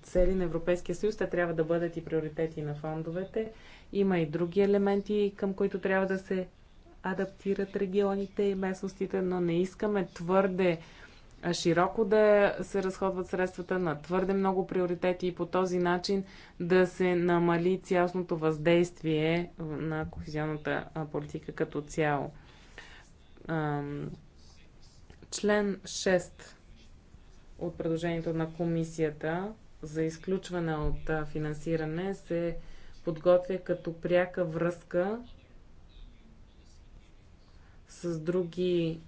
цели на Европейския съюз. Те трябва да бъдат и приоритети на фондовете. Има и други елементи, към които трябва да се адаптират регионите и местностите, но не искаме твърде широко да се разходват средствата на твърде много приоритети и по този начин да се намали цялостното въздействие на кохезионната политика като цяло. Член 6 от предложението на комисията за изключване от финансиране се подготвя като пряка връзка с други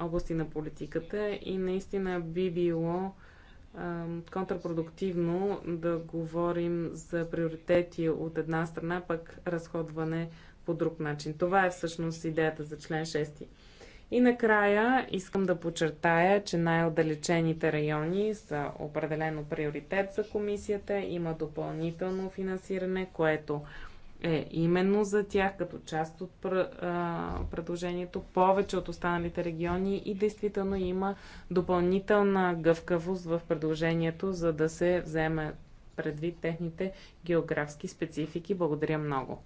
области на политиката и наистина би било контрапродуктивно контрпродуктивно да говорим за приоритети от една страна, пък разходване по друг начин. Това е всъщност идеята за член 6. И накрая искам да подчертая, че най-отдалечените райони са определено приоритет за комисията. Има допълнително финансиране, което е именно за тях като част от предложението, повече от останалите региони и действително има допълнителна гъвкавост в предложението, за да се вземе предвид техните географски специфики. Благодаря много.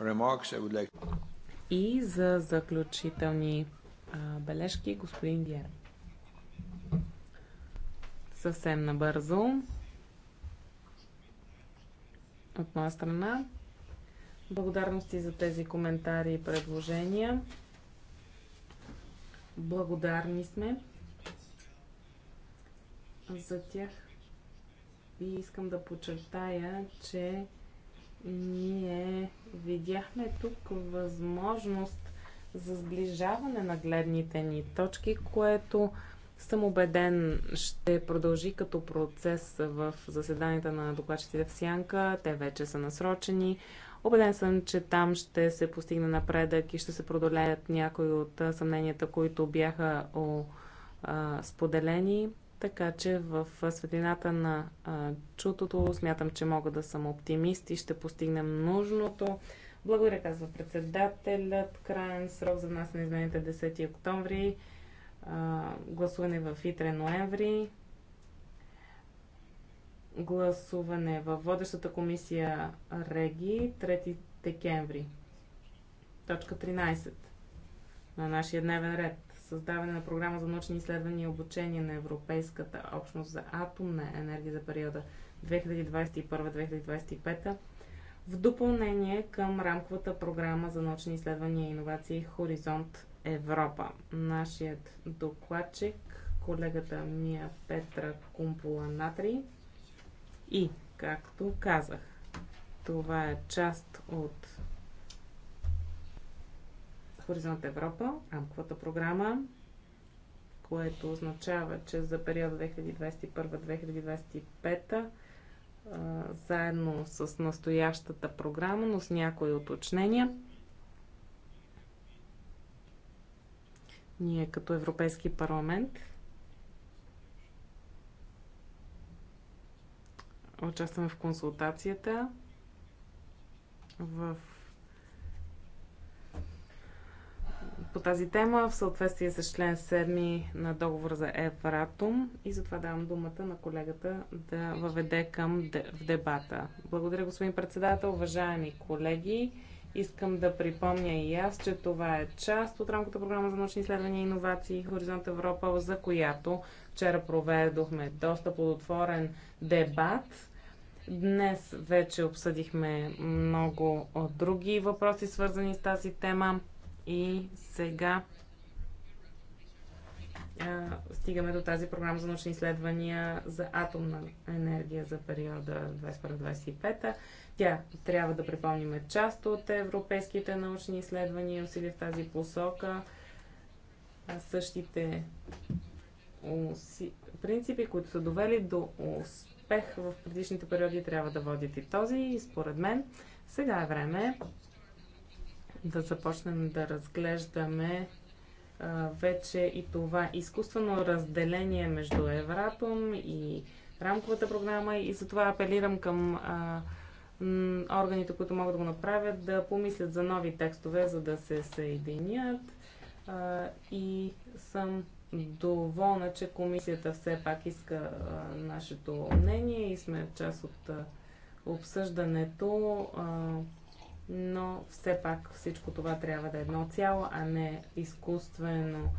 Remarks, like... И за заключителни а, бележки, господин Диер. Съвсем набързо от моя страна. Благодарности за тези коментари и предложения. Благодарни сме за тях. И искам да подчертая, че ние видяхме тук възможност за сближаване на гледните ни точки, което съм убеден, ще продължи като процес в заседанията на докладчиците в Сянка. Те вече са насрочени. Обеден съм, че там ще се постигне напредък и ще се продолеят някои от съмненията, които бяха о, а, споделени. Така че в светлината на а, чутото смятам, че мога да съм оптимист и ще постигнем нужното. Благодаря, казва председателят. Крайен срок за нас на измените 10 октомври гласуване в Итре ноември, гласуване във водещата комисия Реги 3 декември. Точка 13 на нашия дневен ред. Създаване на програма за научни изследвания и обучение на Европейската общност за атомна енергия за периода 2021-2025 в допълнение към рамковата програма за научни изследвания и иновации Хоризонт Европа. Нашият докладчик, колегата Мия Петра Кумпула Натри. И, както казах, това е част от Хоризонт Европа, амковата програма, което означава, че за периода 2021-2025 заедно с настоящата програма, но с някои уточнения, Ние като Европейски парламент участваме в консултацията в по тази тема в съответствие с член 7 на договор за Евратум и затова давам думата на колегата да въведе към в дебата. Благодаря, господин председател, уважаеми колеги. Искам да припомня и аз, че това е част от рамката програма за научни изследвания и иновации Хоризонт Европа, за която вчера проведохме доста плодотворен дебат. Днес вече обсъдихме много от други въпроси, свързани с тази тема. И сега стигаме до тази програма за научни изследвания за атомна енергия за периода 2021-2025. Тя трябва да припомним част от европейските научни изследвания и усилия в тази посока. Същите уси... принципи, които са довели до успех в предишните периоди, трябва да водят и този. И според мен сега е време да започнем да разглеждаме вече и това изкуствено разделение между Евратом и рамковата програма и затова апелирам към органите, които могат да го направят, да помислят за нови текстове, за да се съединят. И съм доволна, че комисията все пак иска нашето мнение и сме част от обсъждането но все пак всичко това трябва да е едно цяло, а не изкуствено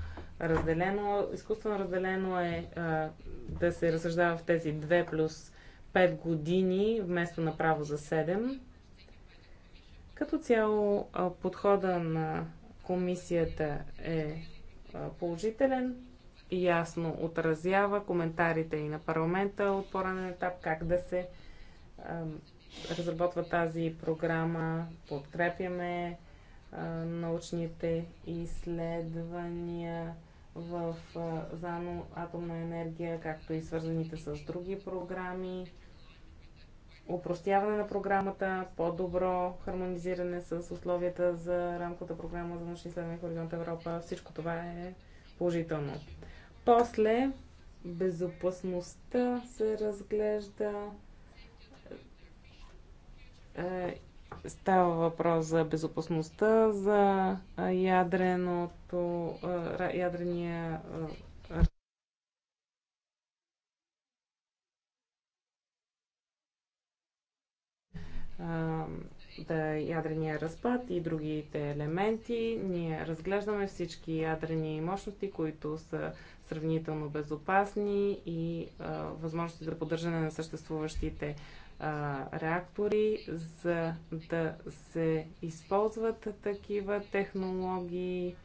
разделено. Изкуствено разделено е а, да се разсъждава в тези 2 плюс 5 години вместо направо за 7. Като цяло а, подхода на комисията е а, положителен, ясно отразява коментарите и на парламента от поранен етап как да се разработва тази програма, подкрепяме а, научните изследвания в а, ЗАНО атомна енергия, както и свързаните с други програми. Упростяване на програмата, по-добро хармонизиране с условията за рамковата програма за научни изследвания Хоризонт Европа. Всичко това е положително. После безопасността се разглежда е, става въпрос за безопасността, за ядреното, ядрения да, ядрения разпад и другите елементи. Ние разглеждаме всички ядрени мощности, които са сравнително безопасни и а, възможности за поддържане на съществуващите а, реактори, за да се използват такива технологии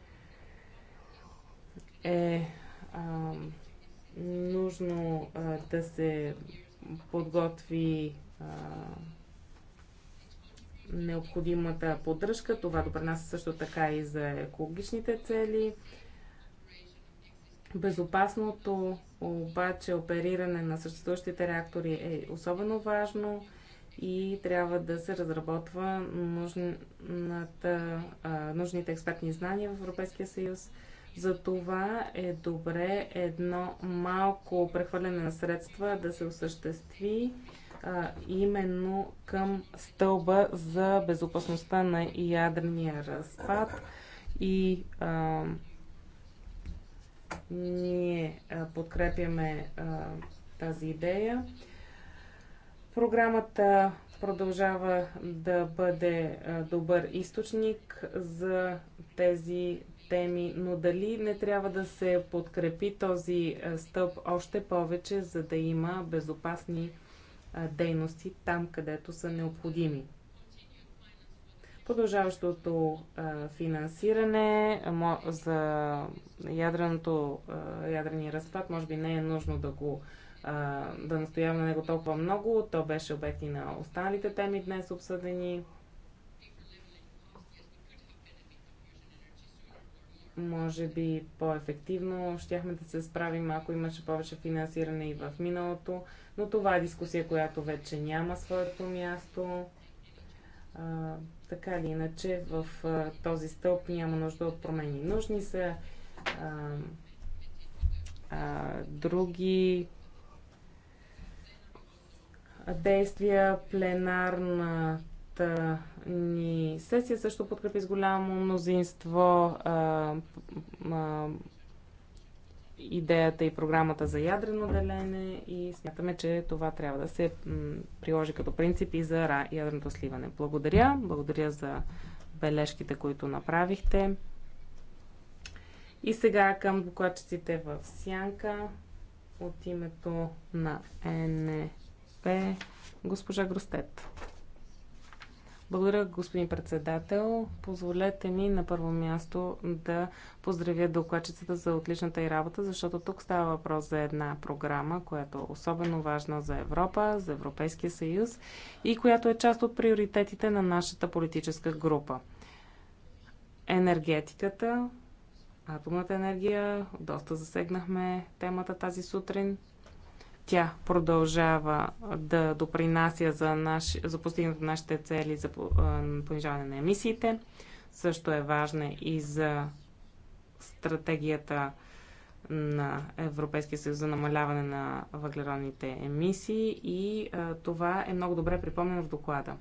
е а, нужно а, да се подготви а, необходимата поддръжка. Това допринася също така и за екологичните цели. Безопасното обаче опериране на съществуващите реактори е особено важно и трябва да се разработва нужната, нужните експертни знания в Европейския съюз. За това е добре едно малко прехвърляне на средства да се осъществи а, именно към стълба за безопасността на ядрения разпад и а, ние подкрепяме тази идея. Програмата продължава да бъде добър източник за тези теми, но дали не трябва да се подкрепи този стълб още повече, за да има безопасни дейности там, където са необходими. Продължаващото а, финансиране а, за ядреното, а, ядрения разпад, може би не е нужно да го а, да настояваме на него толкова много. То беше обект и на останалите теми днес обсъдени. Може би по-ефективно щяхме да се справим, ако имаше повече финансиране и в миналото, но това е дискусия, която вече няма своето място така или иначе в а, този стълб няма нужда от промени. Нужни са а, а, други действия, пленарната ни сесия също подкрепи с голямо мнозинство а, а, идеята и програмата за ядрено делене и смятаме, че това трябва да се приложи като принцип и за ядреното сливане. Благодаря. Благодаря за бележките, които направихте. И сега към докладчиците в Сянка от името на НП госпожа Гростет. Благодаря, господин председател. Позволете ми на първо място да поздравя докладчицата за отличната й работа, защото тук става въпрос за една програма, която е особено важна за Европа, за Европейския съюз и която е част от приоритетите на нашата политическа група. Енергетиката, атомната енергия, доста засегнахме темата тази сутрин, тя продължава да допринася за, наш, за постигането на нашите цели за понижаване на емисиите. Също е важна и за стратегията на Европейския съюз за намаляване на въглеродните емисии и а, това е много добре припомнено в доклада.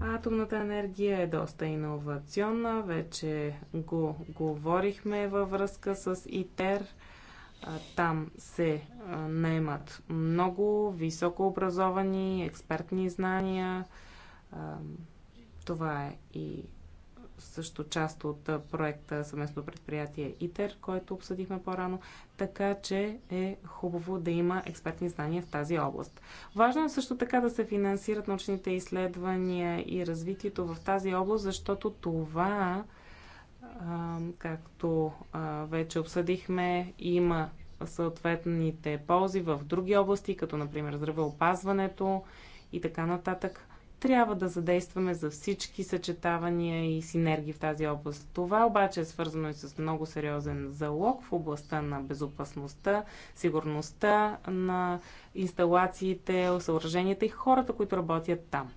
Атомната енергия е доста иновационна, вече го говорихме във връзка с ИТЕР – там се наемат много образовани, експертни знания. Това е и също част от проекта съвместно предприятие ИТЕР, който обсъдихме по-рано, така че е хубаво да има експертни знания в тази област. Важно е също така да се финансират научните изследвания и развитието в тази област, защото това както вече обсъдихме, има съответните ползи в други области, като например здравеопазването и така нататък. Трябва да задействаме за всички съчетавания и синергии в тази област. Това обаче е свързано и с много сериозен залог в областта на безопасността, сигурността на инсталациите, съоръженията и хората, които работят там.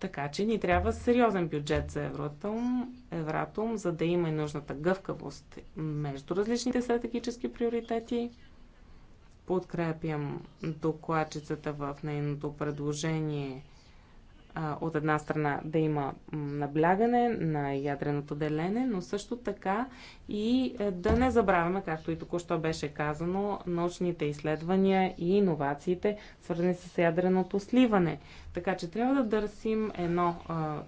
Така че ни трябва сериозен бюджет за Евротум, Евратум за да има и нужната гъвкавост между различните стратегически приоритети. Подкрепям докладчицата в нейното предложение – от една страна да има наблягане на ядреното делене, но също така и е, да не забравяме, както и току-що беше казано, научните изследвания и иновациите, свързани с ядреното сливане. Така че трябва да търсим едно а,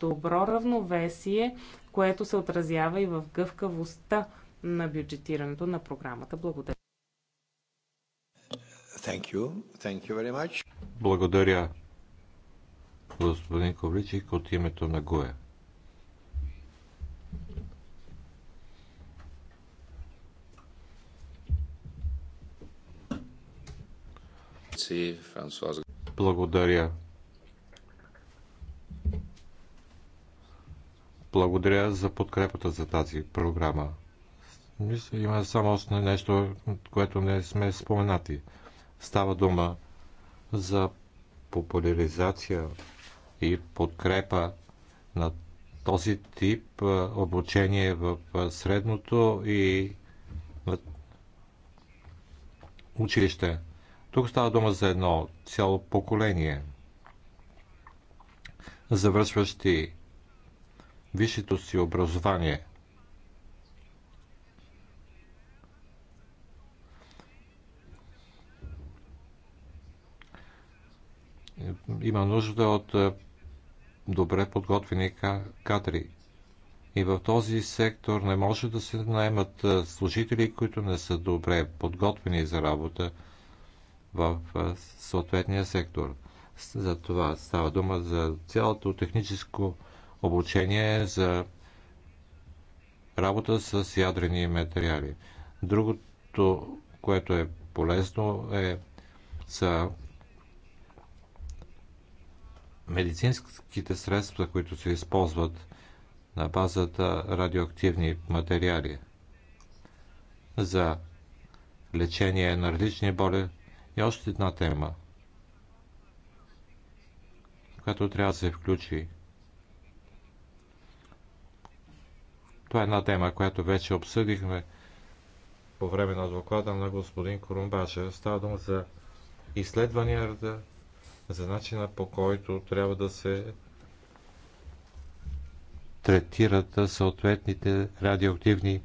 добро равновесие, което се отразява и в гъвкавостта на бюджетирането на програмата. Благодаря. Thank you. Thank you very much. Благодаря господин Ковличик от името на ГОЕ. Благодаря. Благодаря за подкрепата за тази програма. Мисля, има само още нещо, което не сме споменати. Става дума за популяризация и подкрепа на този тип обучение в средното и училище. Тук става дума за едно цяло поколение завършващи висшето си образование. Има нужда от добре подготвени кадри. И в този сектор не може да се наемат служители, които не са добре подготвени за работа в съответния сектор. За това става дума за цялото техническо обучение за работа с ядрени материали. Другото, което е полезно, е са медицинските средства, които се използват на базата радиоактивни материали за лечение на различни боли и още една тема, която трябва да се включи. Това е една тема, която вече обсъдихме по време на доклада на господин Корумбаша. Става дума за изследванията за начина по който трябва да се третират съответните радиоактивни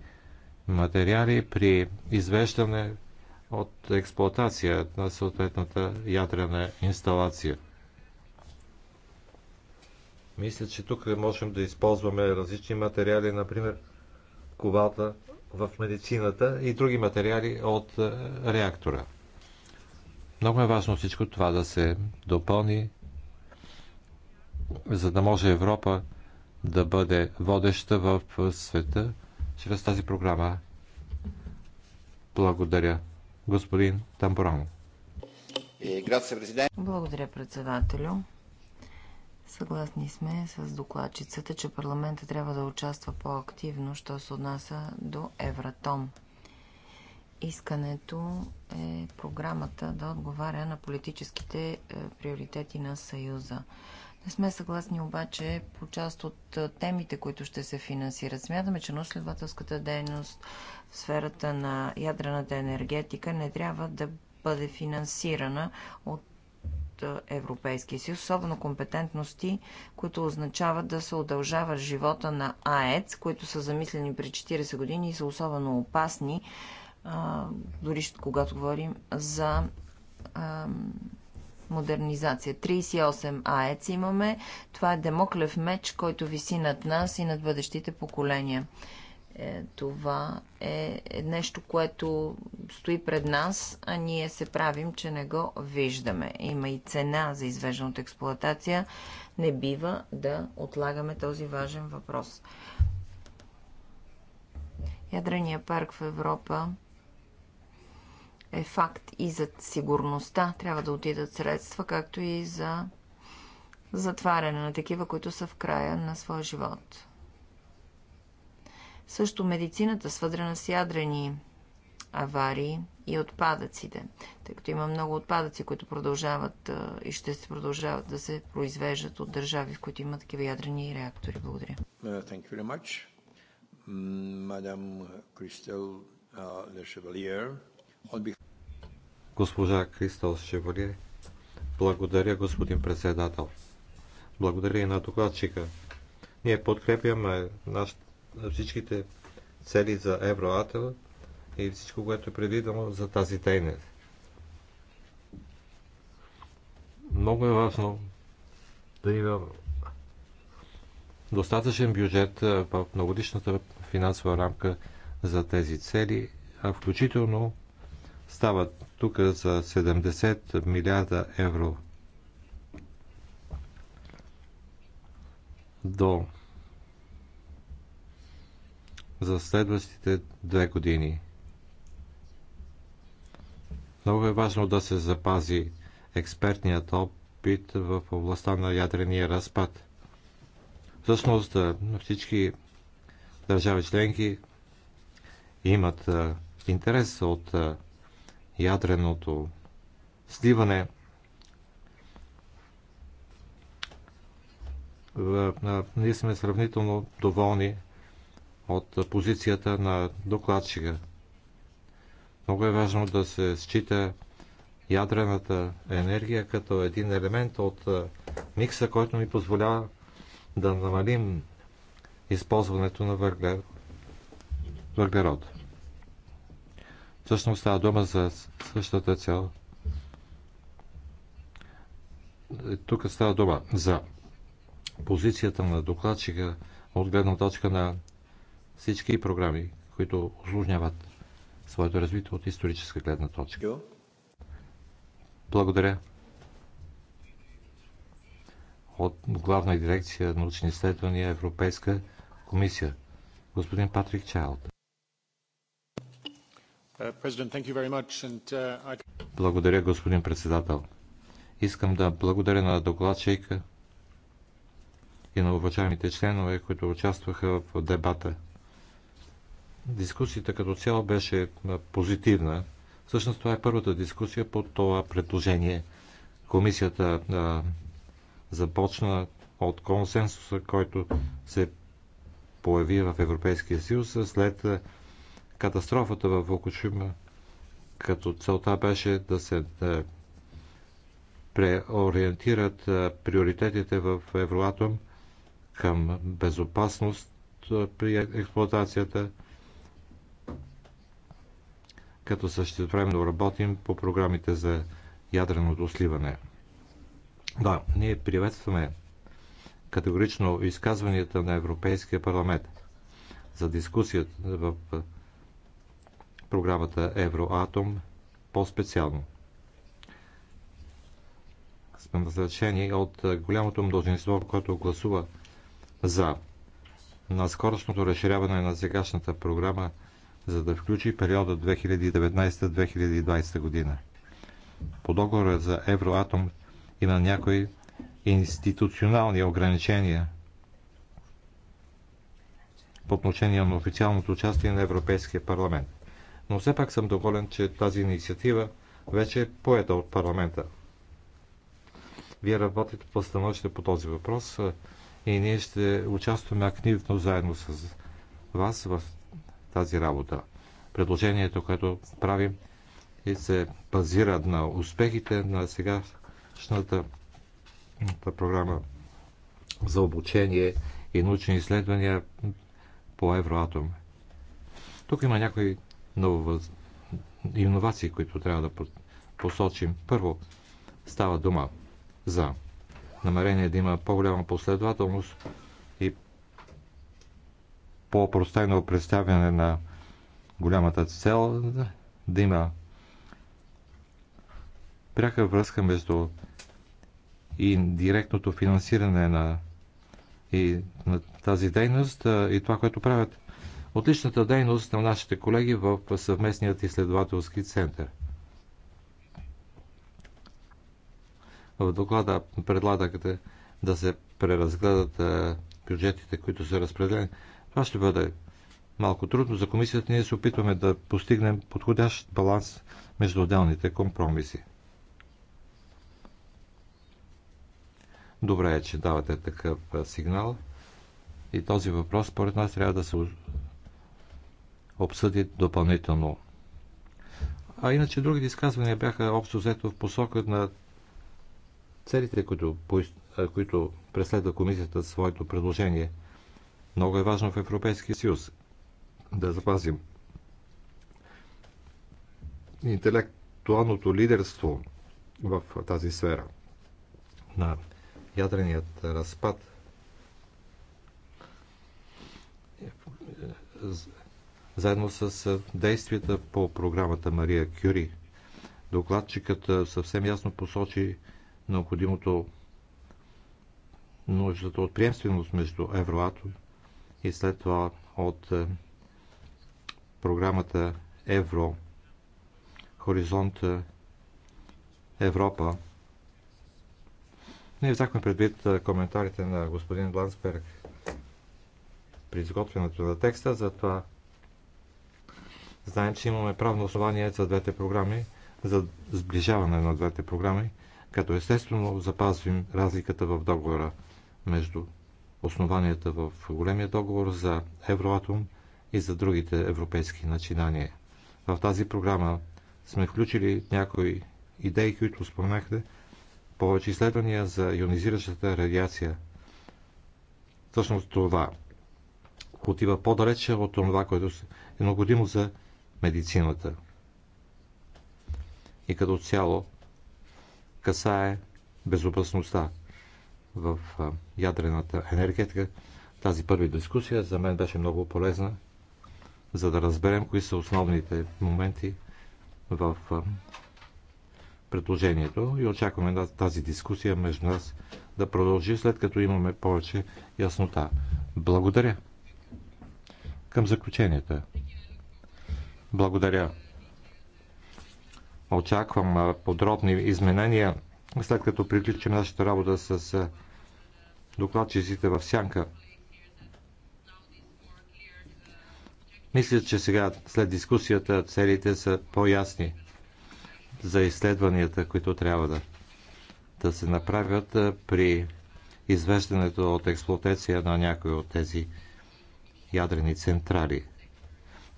материали при извеждане от експлоатация на съответната ядрена инсталация. Мисля, че тук можем да използваме различни материали, например ковалта в медицината и други материали от е, реактора. Много е важно всичко това да се допълни, за да може Европа да бъде водеща в света чрез тази програма. Благодаря. Господин Тамбурано. Е, Благодаря, председателю. Съгласни сме с докладчицата, че парламента трябва да участва по-активно, що се отнася до Евратом искането е програмата да отговаря на политическите е, приоритети на Съюза. Не сме съгласни обаче по част от е, темите, които ще се финансират. Смятаме, че научно-изследователската дейност в сферата на ядрената енергетика не трябва да бъде финансирана от е, Европейския съюз, особено компетентности, които означават да се удължава живота на АЕЦ, които са замислени при 40 години и са особено опасни дори когато говорим за а, модернизация. 38 АЕЦ имаме. Това е демоклев меч, който виси над нас и над бъдещите поколения. Е, това е, е нещо, което стои пред нас, а ние се правим, че не го виждаме. Има и цена за извеждане от експлоатация. Не бива да отлагаме този важен въпрос. Ядрения парк в Европа е факт и за сигурността трябва да отидат средства, както и за затваряне на такива, които са в края на своя живот. Също медицината, свъдрена с ядрени аварии и отпадъците, тъй като има много отпадъци, които продължават и ще се продължават да се произвеждат от държави, в които има такива ядрени реактори. Благодаря. Uh, thank you very much. Мадам Кристел Лешевалиер. Uh, Госпожа Кристал Шевалие. Благодаря, господин председател. Благодаря и на докладчика. Ние подкрепяме наш, всичките цели за Евроател и всичко, което е предвидено за тази дейност. Много е важно да има достатъчен бюджет в многодишната финансова рамка за тези цели, а включително Става тук за 70 милиарда евро до за следващите две години. Много е важно да се запази експертният опит в областта на ядрения разпад. Всъщност всички държави членки имат интерес от ядреното сливане. Ние сме сравнително доволни от позицията на докладчика. Много е важно да се счита ядрената енергия като един елемент от микса, който ни позволява да намалим използването на въглерод. Всъщност става дума за същата цел. Тук става дума за позицията на докладчика от гледна точка на всички програми, които осложняват своето развитие от историческа гледна точка. Благодаря. От главна дирекция научни изследвания Европейска комисия. Господин Патрик Чайлд. Uh, благодаря, господин председател. Искам да благодаря на докладчика и на уважаемите членове, които участваха в дебата. Дискусията като цяло беше позитивна. Всъщност това е първата дискусия по това предложение. Комисията а, започна от консенсуса, който се появи в Европейския съюз след катастрофата в Фукушима, като целта беше да се да преориентират приоритетите в Евроатом към безопасност при експлуатацията, като същевременно работим по програмите за ядреното сливане. Да, ние приветстваме категорично изказванията на Европейския парламент за дискусията в програмата Евроатом по-специално. Сме назначени от голямото мнозинство, което гласува за на скоростното разширяване на сегашната програма, за да включи периода 2019-2020 година. По договора за Евроатом има някои институционални ограничения по отношение на официалното участие на Европейския парламент но все пак съм доволен, че тази инициатива вече е поета от парламента. Вие работите по становище по този въпрос и ние ще участваме активно заедно с вас в тази работа. Предложението, което правим, и се базира на успехите на сегашната програма за обучение и научни изследвания по Евроатом. Тук има някои нови иновации, които трябва да посочим. Първо, става дума за намерение да има по-голяма последователност и по-простайно представяне на голямата цел, да има пряка връзка между и директното финансиране на, и, на тази дейност и това, което правят отличната дейност на нашите колеги в съвместният изследователски център. В доклада предлагате да се преразгледат е, бюджетите, които са разпределени. Това ще бъде малко трудно за комисията. Ние се опитваме да постигнем подходящ баланс между отделните компромиси. Добре е, че давате такъв е, сигнал. И този въпрос, според нас, трябва да се обсъди допълнително. А иначе другите изказвания бяха общо взето в посока на целите, които, които преследва комисията своето предложение. Много е важно в Европейския съюз да запазим интелектуалното лидерство в тази сфера на ядреният разпад заедно с действията по програмата Мария Кюри. Докладчикът съвсем ясно посочи необходимото нуждата от приемственост между Евроато и след това от програмата Евро, Хоризонт Европа. Ние взахме предвид коментарите на господин Блансберг при изготвянето на текста, затова Знаем, че имаме правно основание за двете програми, за сближаване на двете програми, като естествено запазвим разликата в договора между основанията в големия договор за Евроатом и за другите европейски начинания. В тази програма сме включили някои идеи, които споменахте, повече изследвания за ионизиращата радиация. Всъщност това отива по-далече от това, което е необходимо за медицината. И като цяло касае безопасността в ядрената енергетика. Тази първа дискусия за мен беше много полезна, за да разберем кои са основните моменти в предложението и очакваме тази дискусия между нас да продължи след като имаме повече яснота. Благодаря. Към заключенията. Благодаря. Очаквам подробни изменения, след като приключим нашата работа с докладчиците в сянка. Мисля, че сега, след дискусията, целите са по-ясни за изследванията, които трябва да, да се направят при извеждането от експлуатация на някои от тези ядрени централи.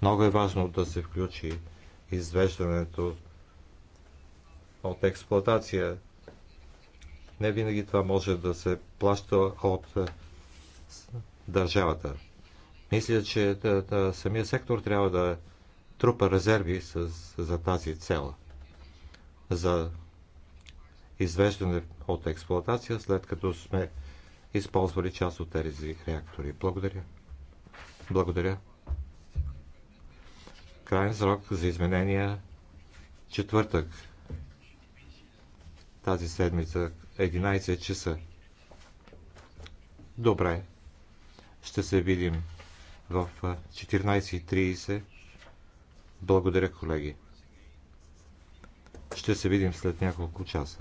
Много е важно да се включи извеждането от експлоатация. Не винаги това може да се плаща от държавата. Мисля, че е, да, да, самия сектор трябва да трупа резерви с, за тази цел. За извеждане от експлоатация, след като сме използвали част от тези реактори. Благодаря. Благодаря. Крайен срок за изменения четвъртък тази седмица, 11 часа. Добре, ще се видим в 14.30. Благодаря, колеги. Ще се видим след няколко часа.